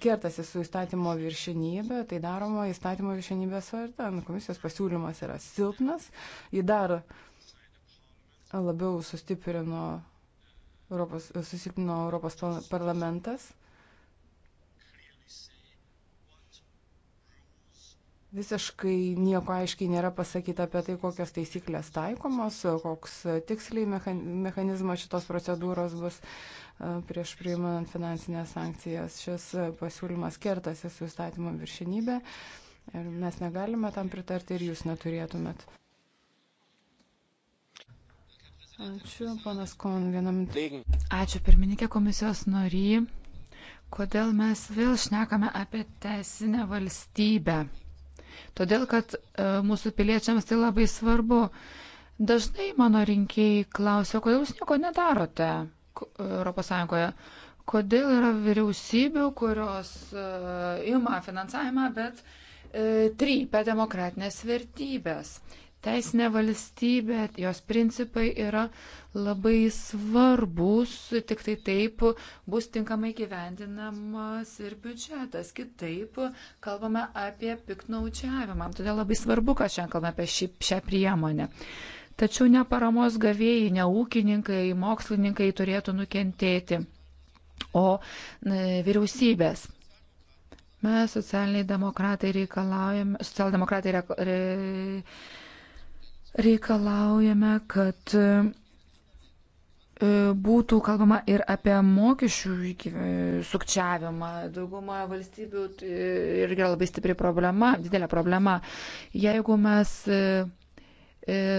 kertasi su įstatymo viršinybė, tai daroma įstatymo viršinybės vardan. Nu, komisijos pasiūlymas yra silpnas, jį dar labiau sustiprino Europos, susilpnino Europos parlamentas. Visiškai nieko aiškiai nėra pasakyta apie tai, kokios taisyklės taikomos, koks tiksliai mechanizmas šitos procedūros bus prieš priimant finansinės sankcijas. Šis pasiūlymas kertasi su įstatymo viršinybė ir mes negalime tam pritarti ir jūs neturėtumėt. Ačiū, panas Kon, vienam. Ačiū, pirmininkė komisijos norį. Kodėl mes vėl šnekame apie teisinę valstybę? todėl kad e, mūsų piliečiams tai labai svarbu. Dažnai mano rinkėjai klausia, kodėl jūs nieko nedarote ES, kodėl yra vyriausybių, kurios e, ima finansavimą, bet e, trypia demokratinės vertybės. Teisinė valstybė, jos principai yra labai svarbus, tik tai taip bus tinkamai gyvendinamas ir biudžetas. Kitaip kalbame apie piknaučiavimą. Todėl labai svarbu, kad šiandien kalbame apie šį, šią priemonę. Tačiau ne paramos gavėjai, ne ūkininkai, mokslininkai turėtų nukentėti, o e, vyriausybės. Mes socialiniai demokratai reikalaujame, socialdemokratai re, re, reikalaujame, kad e, būtų kalbama ir apie mokesčių e, sukčiavimą. Daugumoje valstybių e, irgi yra labai stipri problema, didelė problema. Jeigu mes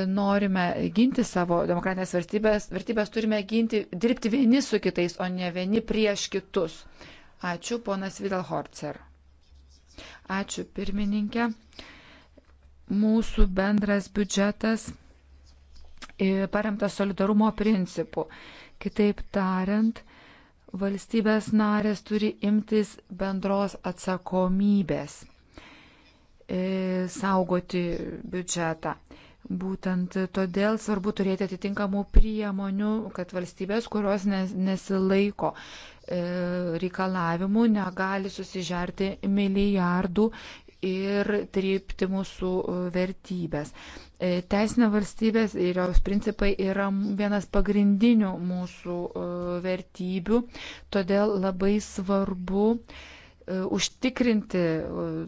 norime ginti savo demokratinės vertybės, vertybės turime ginti, dirbti vieni su kitais, o ne vieni prieš kitus. Ačiū, ponas Vidal Horcer. Ačiū, pirmininkė mūsų bendras biudžetas paremtas solidarumo principu. Kitaip tariant, valstybės narės turi imtis bendros atsakomybės saugoti biudžetą. Būtent todėl svarbu turėti atitinkamų priemonių, kad valstybės, kurios nesilaiko reikalavimų, negali susižerti milijardų ir trypti mūsų e, vertybės. E, teisinė valstybės ir jos principai yra vienas pagrindinių mūsų e, vertybių, todėl labai svarbu užtikrinti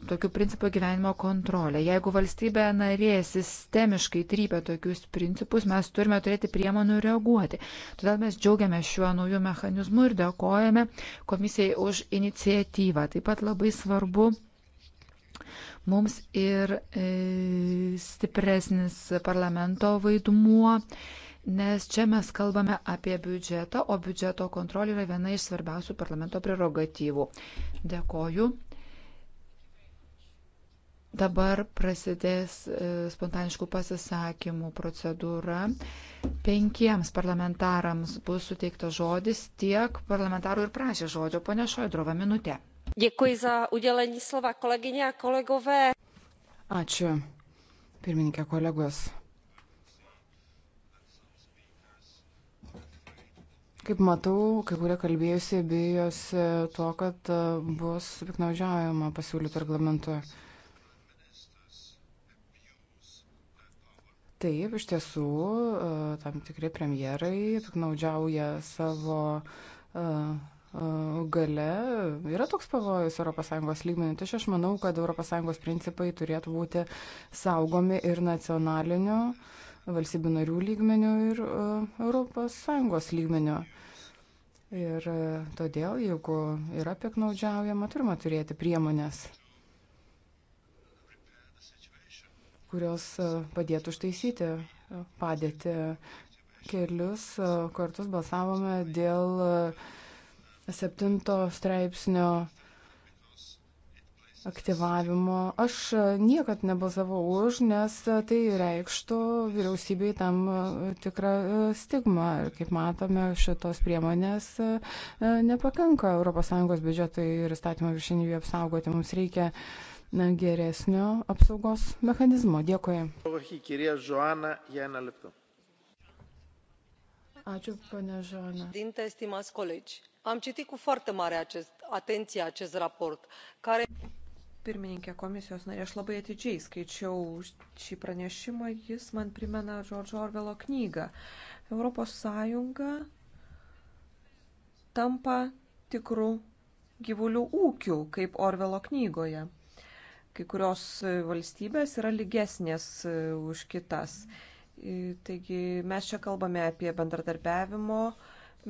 tokių principų gyvenimo kontrolę. Jeigu valstybė narė sistemiškai trypia tokius principus, mes turime turėti priemonių reaguoti. Todėl mes džiaugiame šiuo nauju mechanizmu ir dėkojame komisijai už iniciatyvą. Taip pat labai svarbu Mums ir e, stipresnis parlamento vaidmuo, nes čia mes kalbame apie biudžetą, o biudžeto kontrolė yra viena iš svarbiausių parlamento prerogatyvų. Dėkoju. Dabar prasidės e, spontaniškų pasisakymų procedūra. Penkiems parlamentarams bus suteiktas žodis, tiek parlamentarų ir prašė žodžio. Pone Šoidrova, minutė. Dėkui za udělení slova, kolegyně a kolegové. Ačiū, pirmininkė kolegos. Kaip matau, kai kurie kalbėjusi bijosi to, kad e, bus piknaudžiaujama pasiūlytų reglamentu. Taip, iš tiesų, e, tam tikri premjerai piknaudžiauja savo uh, gale yra toks pavojus ES lygmenių. Tai aš manau, kad ES principai turėtų būti saugomi ir nacionaliniu valstybių narių lygmeniu ir ES lygmeniu. Ir todėl, jeigu yra piknaudžiaujama, turime turėti priemonės, kurios padėtų užtaisyti padėti. Kelius kartus balsavome dėl uh, septinto straipsnio aktyvavimo. Aš niekad nebalsavau už, nes tai reikštų vyriausybei tam tikrą stigmą. Ir kaip matome, šitos priemonės e, nepakanka ES biudžetui ir įstatymo viršinybė apsaugoti. Mums reikia na, geresnio apsaugos mechanizmo. Dėkui. Ačiū, pane Žana. Dinte, stimați colegi, am citit cu foarte mare acest, atenție acest raport, care... Pirmininkė komisijos narė, aš labai atidžiai skaičiau šį pranešimą, jis man primena Džordžo Orvelo knygą. Europos Sąjunga tampa tikrų gyvulių ūkių, kaip Orvelo knygoje. Kai kurios valstybės yra lygesnės e, už kitas. Mm. Taigi mes čia kalbame apie bendradarbiavimo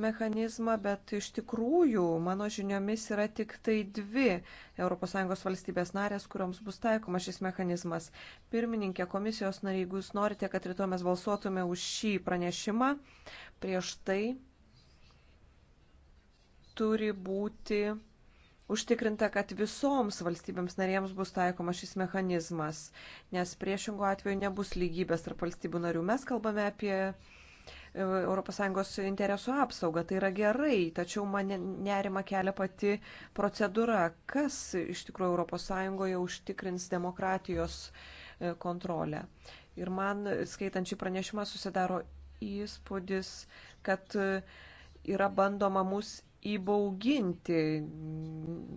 mechanizmą, bet iš tikrųjų, mano žiniomis, yra tik tai dvi ES valstybės narės, kuriuoms bus taikoma šis mechanizmas. Pirmininkė, komisijos nariai, jeigu jūs norite, kad rytoj mes balsuotume už šį pranešimą, prieš tai turi būti užtikrinta, kad visoms valstybėms narėms bus taikomas šis mechanizmas, nes priešingų atveju nebus lygybės tarp valstybių narių. Mes kalbame apie e, ES interesų apsaugą, tai yra gerai, tačiau man nerima kelia pati procedūra, kas iš tikrųjų ES užtikrins demokratijos e, kontrolę. Ir man, skaitant šį pranešimą, susidaro įspūdis, kad e, yra bandoma mus įbauginti,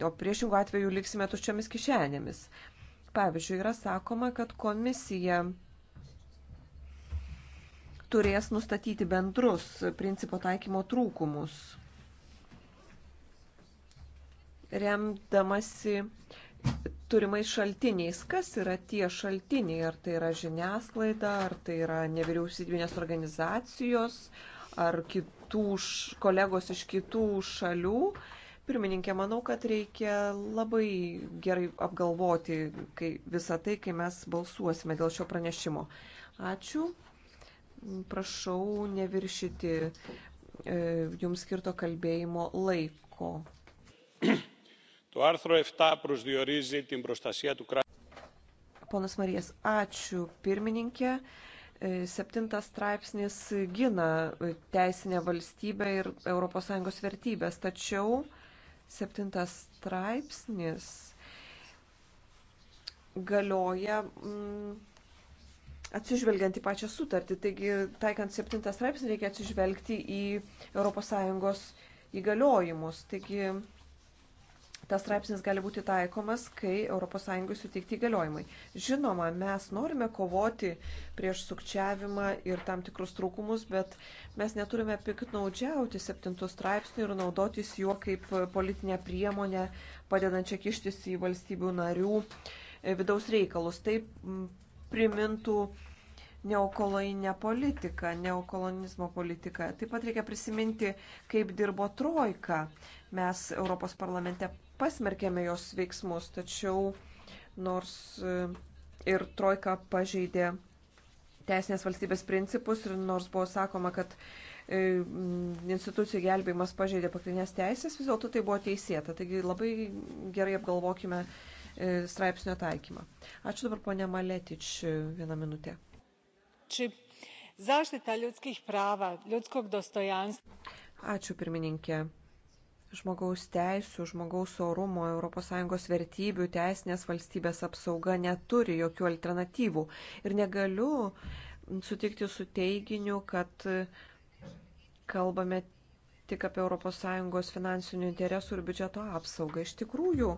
o priešingų atveju liksime tuščiomis kišenėmis. Pavyzdžiui, yra sakoma, kad komisija turės nustatyti bendrus principo taikymo trūkumus, remdamasi turimais šaltiniais. Kas yra tie šaltiniai? Ar tai yra žiniasklaida, ar tai yra nevyriausybinės organizacijos, ar kitų kitų, kolegos iš kitų šalių. Pirmininkė, manau, kad reikia labai gerai apgalvoti kai, visą tai, kai mes balsuosime dėl šio pranešimo. Ačiū. Prašau neviršyti e, jums skirto kalbėjimo laiko. Το άρθρο 7 προσδιορίζει την προστασία του κράτους. Ponas Marijas, ačiū pirmininkė. E, septintas straipsnis gina e, teisinę valstybę ir ES vertybės, tačiau septintas straipsnis galioja mm, atsižvelgiant į pačią sutartį. Taigi, taikant septintą straipsnį, reikia atsižvelgti į ES įgaliojimus. Taigi, tas straipsnis gali būti taikomas, kai ES suteikti įgaliojimai. Žinoma, mes norime kovoti prieš sukčiavimą ir tam tikrus trūkumus, bet mes neturime piknaudžiauti septintų straipsnių ir naudotis juo kaip politinę priemonę, padedančią kištis į valstybių narių e, vidaus reikalus. Tai primintų neokolonijinę politiką, neokolonizmo politiką. Taip pat reikia prisiminti, kaip dirbo trojka. Mes Europos parlamente pasmerkėme jos veiksmus, tačiau nors e, ir Trojka pažeidė teisinės valstybės principus ir nors buvo sakoma, kad e, institucijų gelbėjimas pažeidė pagrindinės teisės, vis dėlto tai buvo teisėta. Taigi labai gerai apgalvokime e, straipsnio taikymą. Ačiū dabar ponė Maletič vieną minutę. Čia zaštita liudskih prava, liudskog dostojanstva. Ačiū pirmininkė žmogaus teisų, žmogaus orumo, ES vertybių, teisinės valstybės apsauga neturi jokių alternatyvų. Ir negaliu sutikti su teiginiu, kad kalbame tik apie ES finansinių interesų ir biudžeto apsaugą. Iš tikrųjų,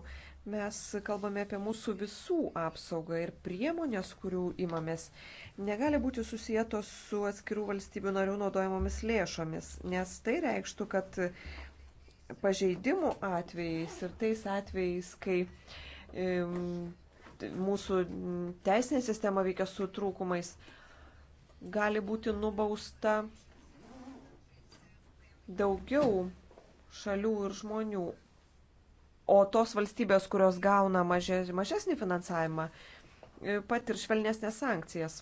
mes kalbame apie mūsų visų apsaugą ir priemonės, kurių imamės, negali būti susijėtos su atskirų valstybių narių naudojamomis lėšomis, nes tai reikštų, kad pažeidimų atvejais ir tais atvejais, kai mūsų teisinė sistema veikia su trūkumais, gali būti nubausta daugiau šalių ir žmonių. O tos valstybės, kurios gauna mažesnį finansavimą, e, pat ir švelnesnės sankcijas.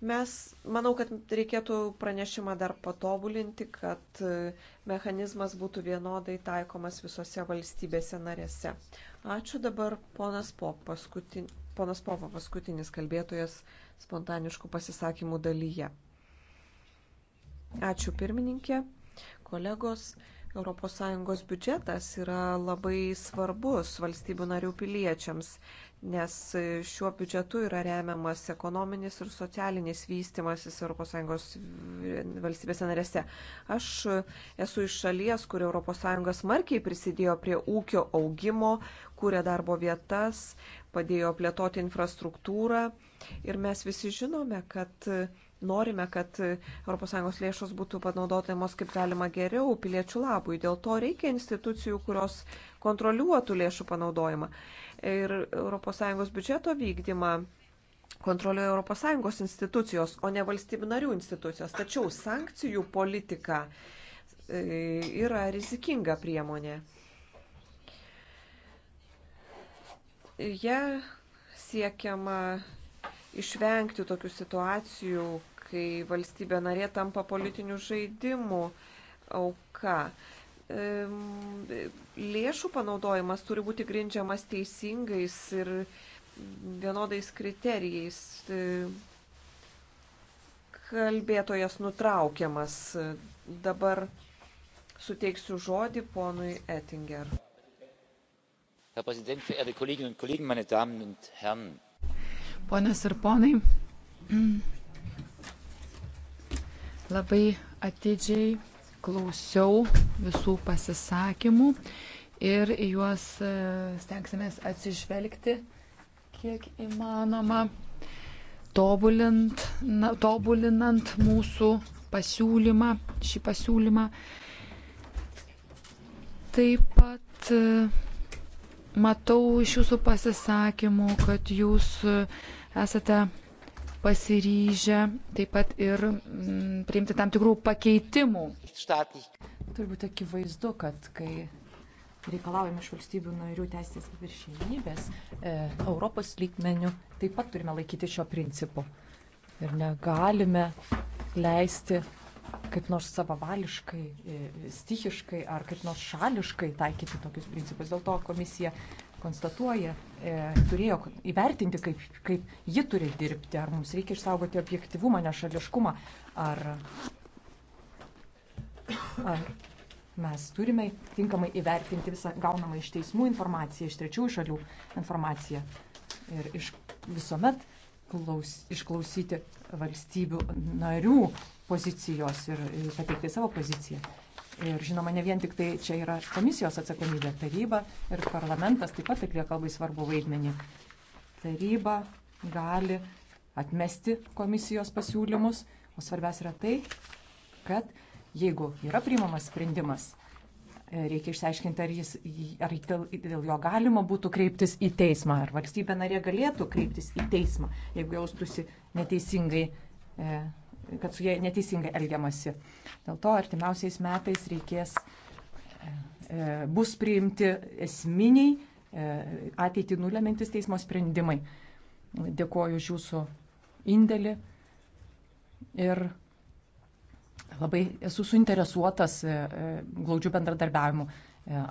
Mes, manau, kad reikėtų pranešimą dar patobulinti, kad e, mechanizmas būtų vienodai taikomas visose valstybėse narėse. Ačiū dabar ponas Pop, paskutin, ponas Popo, paskutinis kalbėtojas spontaniškų pasisakymų dalyje. Ačiū pirmininkė, kolegos. ES biudžetas yra labai svarbus valstybių narių piliečiams, nes šiuo biudžetu yra remiamas ekonominis ir socialinis vystimasis ES valstybėse narėse. Aš esu iš šalies, kur ES smarkiai prisidėjo prie ūkio augimo, kūrė darbo vietas, padėjo plėtoti infrastruktūrą ir mes visi žinome, kad norime, kad ES lėšos būtų panaudotamos kaip galima geriau piliečių labui. Dėl to reikia institucijų, kurios kontroliuotų lėšų panaudojimą. Ir ES biudžeto vykdymą kontroliuoja ES institucijos, o ne valstybių narių institucijos. Tačiau sankcijų politika e, yra rizikinga priemonė. Ja siekiama išvengti tokių situacijų, kai valstybė narė tampa politinių žaidimų auka. Lėšų panaudojimas turi būti grindžiamas teisingais ir vienodais kriterijais. Kalbėtojas nutraukiamas. Dabar suteiksiu žodį ponui Ettinger. Herr Präsident, verehrte Kolleginnen und Kollegen, meine Damen und Herren! Ponios ir ponai, Labai atidžiai klausiau visų pasisakymų ir juos e, stengsimės atsižvelgti kiek įmanoma, tobulint, na, tobulinant mūsų pasiūlymą, šį pasiūlymą. Taip pat e, matau iš jūsų pasisakymų, kad jūs e, esate pasiryžę taip pat ir mm, priimti tam tikrų pakeitimų. Turbūt akivaizdu, kad kai reikalaujame iš valstybių narių teisės viršinybės, e, Europos lygmenių taip pat turime laikyti šio principu. Ir negalime leisti kaip nors savavališkai, e, stichiškai ar kaip nors šališkai taikyti tokius principus. Dėl to komisija konstatuoja, e, turėjo įvertinti, kaip, kaip ji turi dirbti, ar mums reikia išsaugoti objektivumą, nešališkumą, ar, ar mes turime tinkamai įvertinti visą gaunamą iš teismų informaciją, iš trečiųjų šalių informaciją ir iš visuomet klaus, išklausyti valstybių narių pozicijos ir pateikti savo poziciją. Ir žinoma, ne vien tik tai čia yra komisijos atsakomybė, taryba ir parlamentas taip pat atlieka labai svarbu vaidmenį. Taryba gali atmesti komisijos pasiūlymus, o svarbiausia yra tai, kad jeigu yra priimamas sprendimas, reikia išsiaiškinti, ar, jis, ar dėl, dėl jo galima būtų kreiptis į teismą, ar valstybė narė galėtų kreiptis į teismą, jeigu jaustusi neteisingai e, kad su jie neteisingai elgiamasi. Dėl to artimiausiais metais reikės, e, e, bus priimti esminiai e, ateitį nulemintis teismo sprendimai. Dėkuoju už jūsų indėlį ir labai esu suinteresuotas glaudžių bendradarbiavimu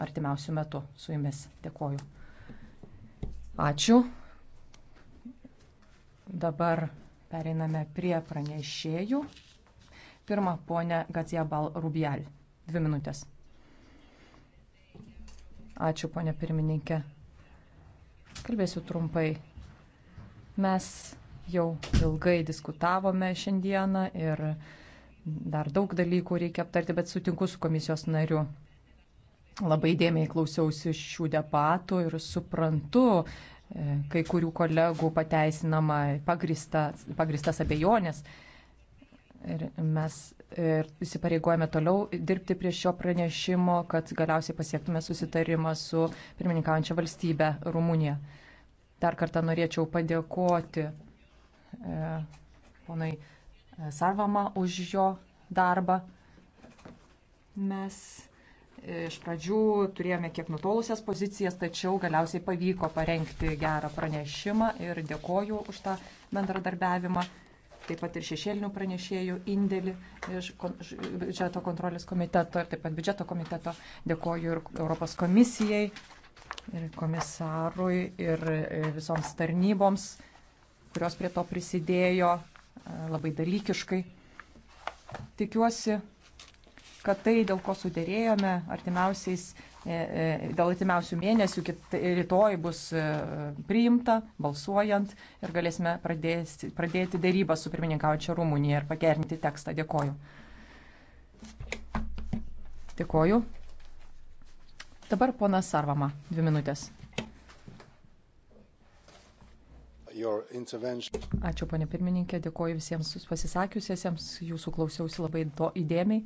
artimiausių metų su jumis. Dėkuoju. Ačiū. Dabar Pereiname prie pranešėjų. Pirma, ponė Gazjabal Rubial. Dvi minutės. Ačiū, ponė pirmininkė. Kalbėsiu trumpai. Mes jau ilgai diskutavome šiandieną ir dar daug dalykų reikia aptarti, bet sutinku su komisijos nariu. Labai dėmiai klausiausi šių debatų ir suprantu e, kai kurių kolegų pateisinama pagristas, pagristas abejonės. Ir mes ir e, įsipareigojame toliau dirbti prie šio pranešimo, kad galiausiai pasiektume susitarimą su pirmininkaujančia valstybe Rumunija. Dar kartą norėčiau padėkoti e, ponai e, Sarvama už jo darbą. Mes Iš pradžių turėjome kiek nutolusias pozicijas, tačiau galiausiai pavyko parengti gerą pranešimą ir dėkoju už tą bendradarbiavimą, taip pat ir šešėlinių pranešėjų indėlį iš biudžeto kontrolės komiteto ir taip pat biudžeto komiteto. Dėkoju ir Europos komisijai, ir komisarui, ir e, visoms tarnyboms, kurios prie to prisidėjo e, labai dalykiškai. Tikiuosi, kad tai, dėl ko sudėrėjome artimiausiais, e, e, dėl artimiausių mėnesių, kit, rytoj bus e, priimta, balsuojant ir galėsime pradėti, pradėti dėrybą su pirmininkaučia Rumunija ir pagerinti tekstą. Dėkoju. Dėkoju. Dabar ponas Sarvama, dvi minutės. Ačiū, ponė pirmininkė, dėkoju visiems pasisakiusiesiems, jūsų klausiausi labai įdėmiai.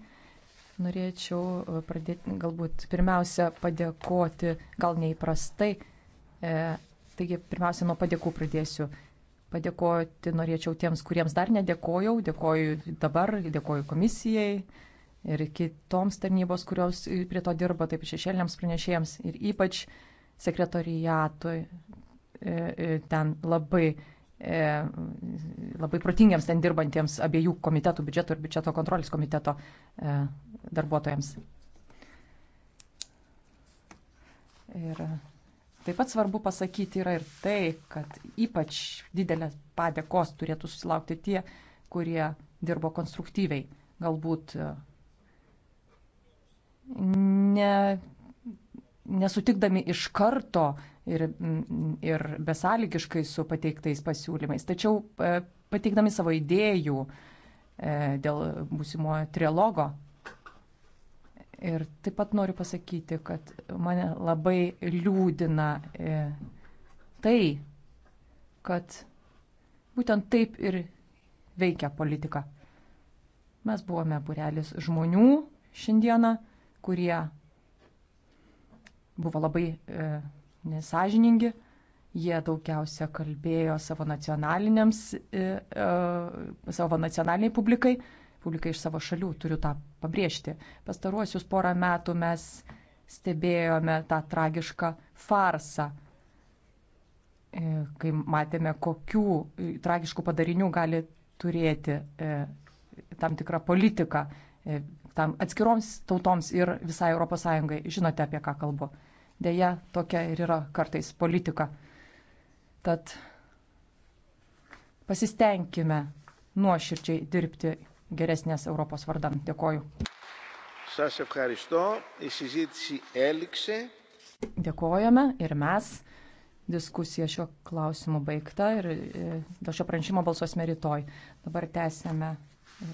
Norėčiau e, pradėti galbūt pirmiausia padėkoti, gal neįprastai, e, taigi pirmiausia nuo padėkų pradėsiu. Padėkoti norėčiau tiems, kuriems dar nedėkojau, dėkoju dabar, dėkoju komisijai ir kitoms tarnybos, kurios prie to dirba, taip šešėliniams pranešėjams ir ypač sekretoriatui. E, e, ten labai E, labai protingiams ten dirbantiems abiejų komitetų, biudžeto ir biudžeto kontrolės komiteto e, darbuotojams. Ir taip pat svarbu pasakyti yra ir tai, kad ypač didelę padėkos turėtų susilaukti tie, kurie dirbo konstruktyviai. Galbūt e, ne nesutikdami iš karto ir, ir besąlygiškai su pateiktais pasiūlymais, tačiau e, pateikdami savo idėjų e, dėl būsimojo trilogo. Ir taip pat noriu pasakyti, kad mane labai liūdina e, tai, kad būtent taip ir veikia politika. Mes buvome burelis žmonių šiandieną, kurie buvo labai e, nesažiningi. Jie daugiausia kalbėjo savo, e, e, savo nacionaliniai publikai, publikai iš savo šalių, turiu tą pabrėžti. Pastaruosius porą metų mes stebėjome tą tragišką farsą, e, kai matėme, kokių e, tragiškų padarinių gali turėti e, tam tikra politika tam atskiroms tautoms ir visai ES. Žinote, apie ką kalbu. Deja, tokia ir yra kartais politika. Tad pasistengkime nuoširdžiai dirbti geresnės Europos vardan. Dėkoju. Dėkojame ir mes. Diskusija šio klausimu baigta ir e, dėl šio pranešimo balsuosime rytoj. Dabar tęsėme e,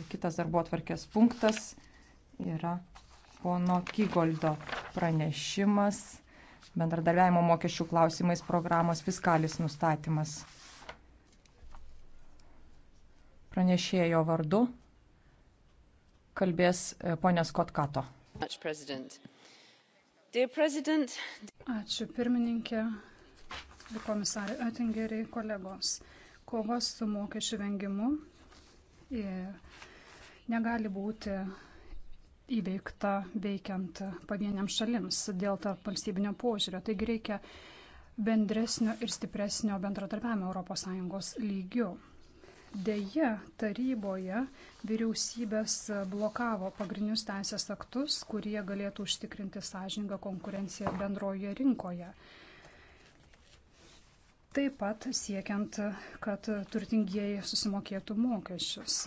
kitas darbo atvarkės punktas yra pono Kygoldo pranešimas bendradarbiavimo mokesčių klausimais programos fiskalis nustatymas. Pranešėjo vardu kalbės e, ponė Skotkato. Ačiū pirmininkė, komisarė Oettingeriai, kolegos. Kovas su mokesčių vengimu e, negali būti įveikta veikiant pavieniam šalims dėl tarp valstybinio požiūrio. Taigi reikia bendresnio ir stipresnio bendradarbiavimo ES lygių. Deja, taryboje vyriausybės blokavo pagrindinius teisės aktus, kurie galėtų užtikrinti sąžiningą konkurenciją bendroje rinkoje. Taip pat siekiant, kad turtingieji susimokėtų mokesčius.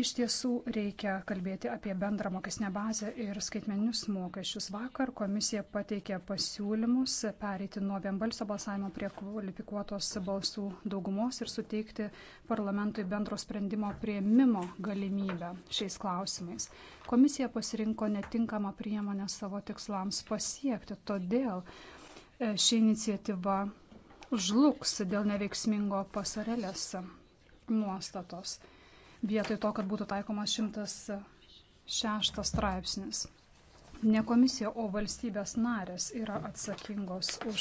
Iš tiesų reikia kalbėti apie bendrą mokesnę bazę ir skaitmeninius mokesčius. Vakar komisija pateikė pasiūlymus pereiti nuo vienbalsio balsavimo prie kvalifikuotos balsų daugumos ir suteikti parlamentui bendro sprendimo prieimimo galimybę šiais klausimais. Komisija pasirinko netinkamą priemonę savo tikslams pasiekti, todėl e, ši iniciatyva žlugs dėl neveiksmingo pasarelės nuostatos vietoj to, kad būtų taikomas 106 straipsnis. Ne komisija, o valstybės narės yra atsakingos už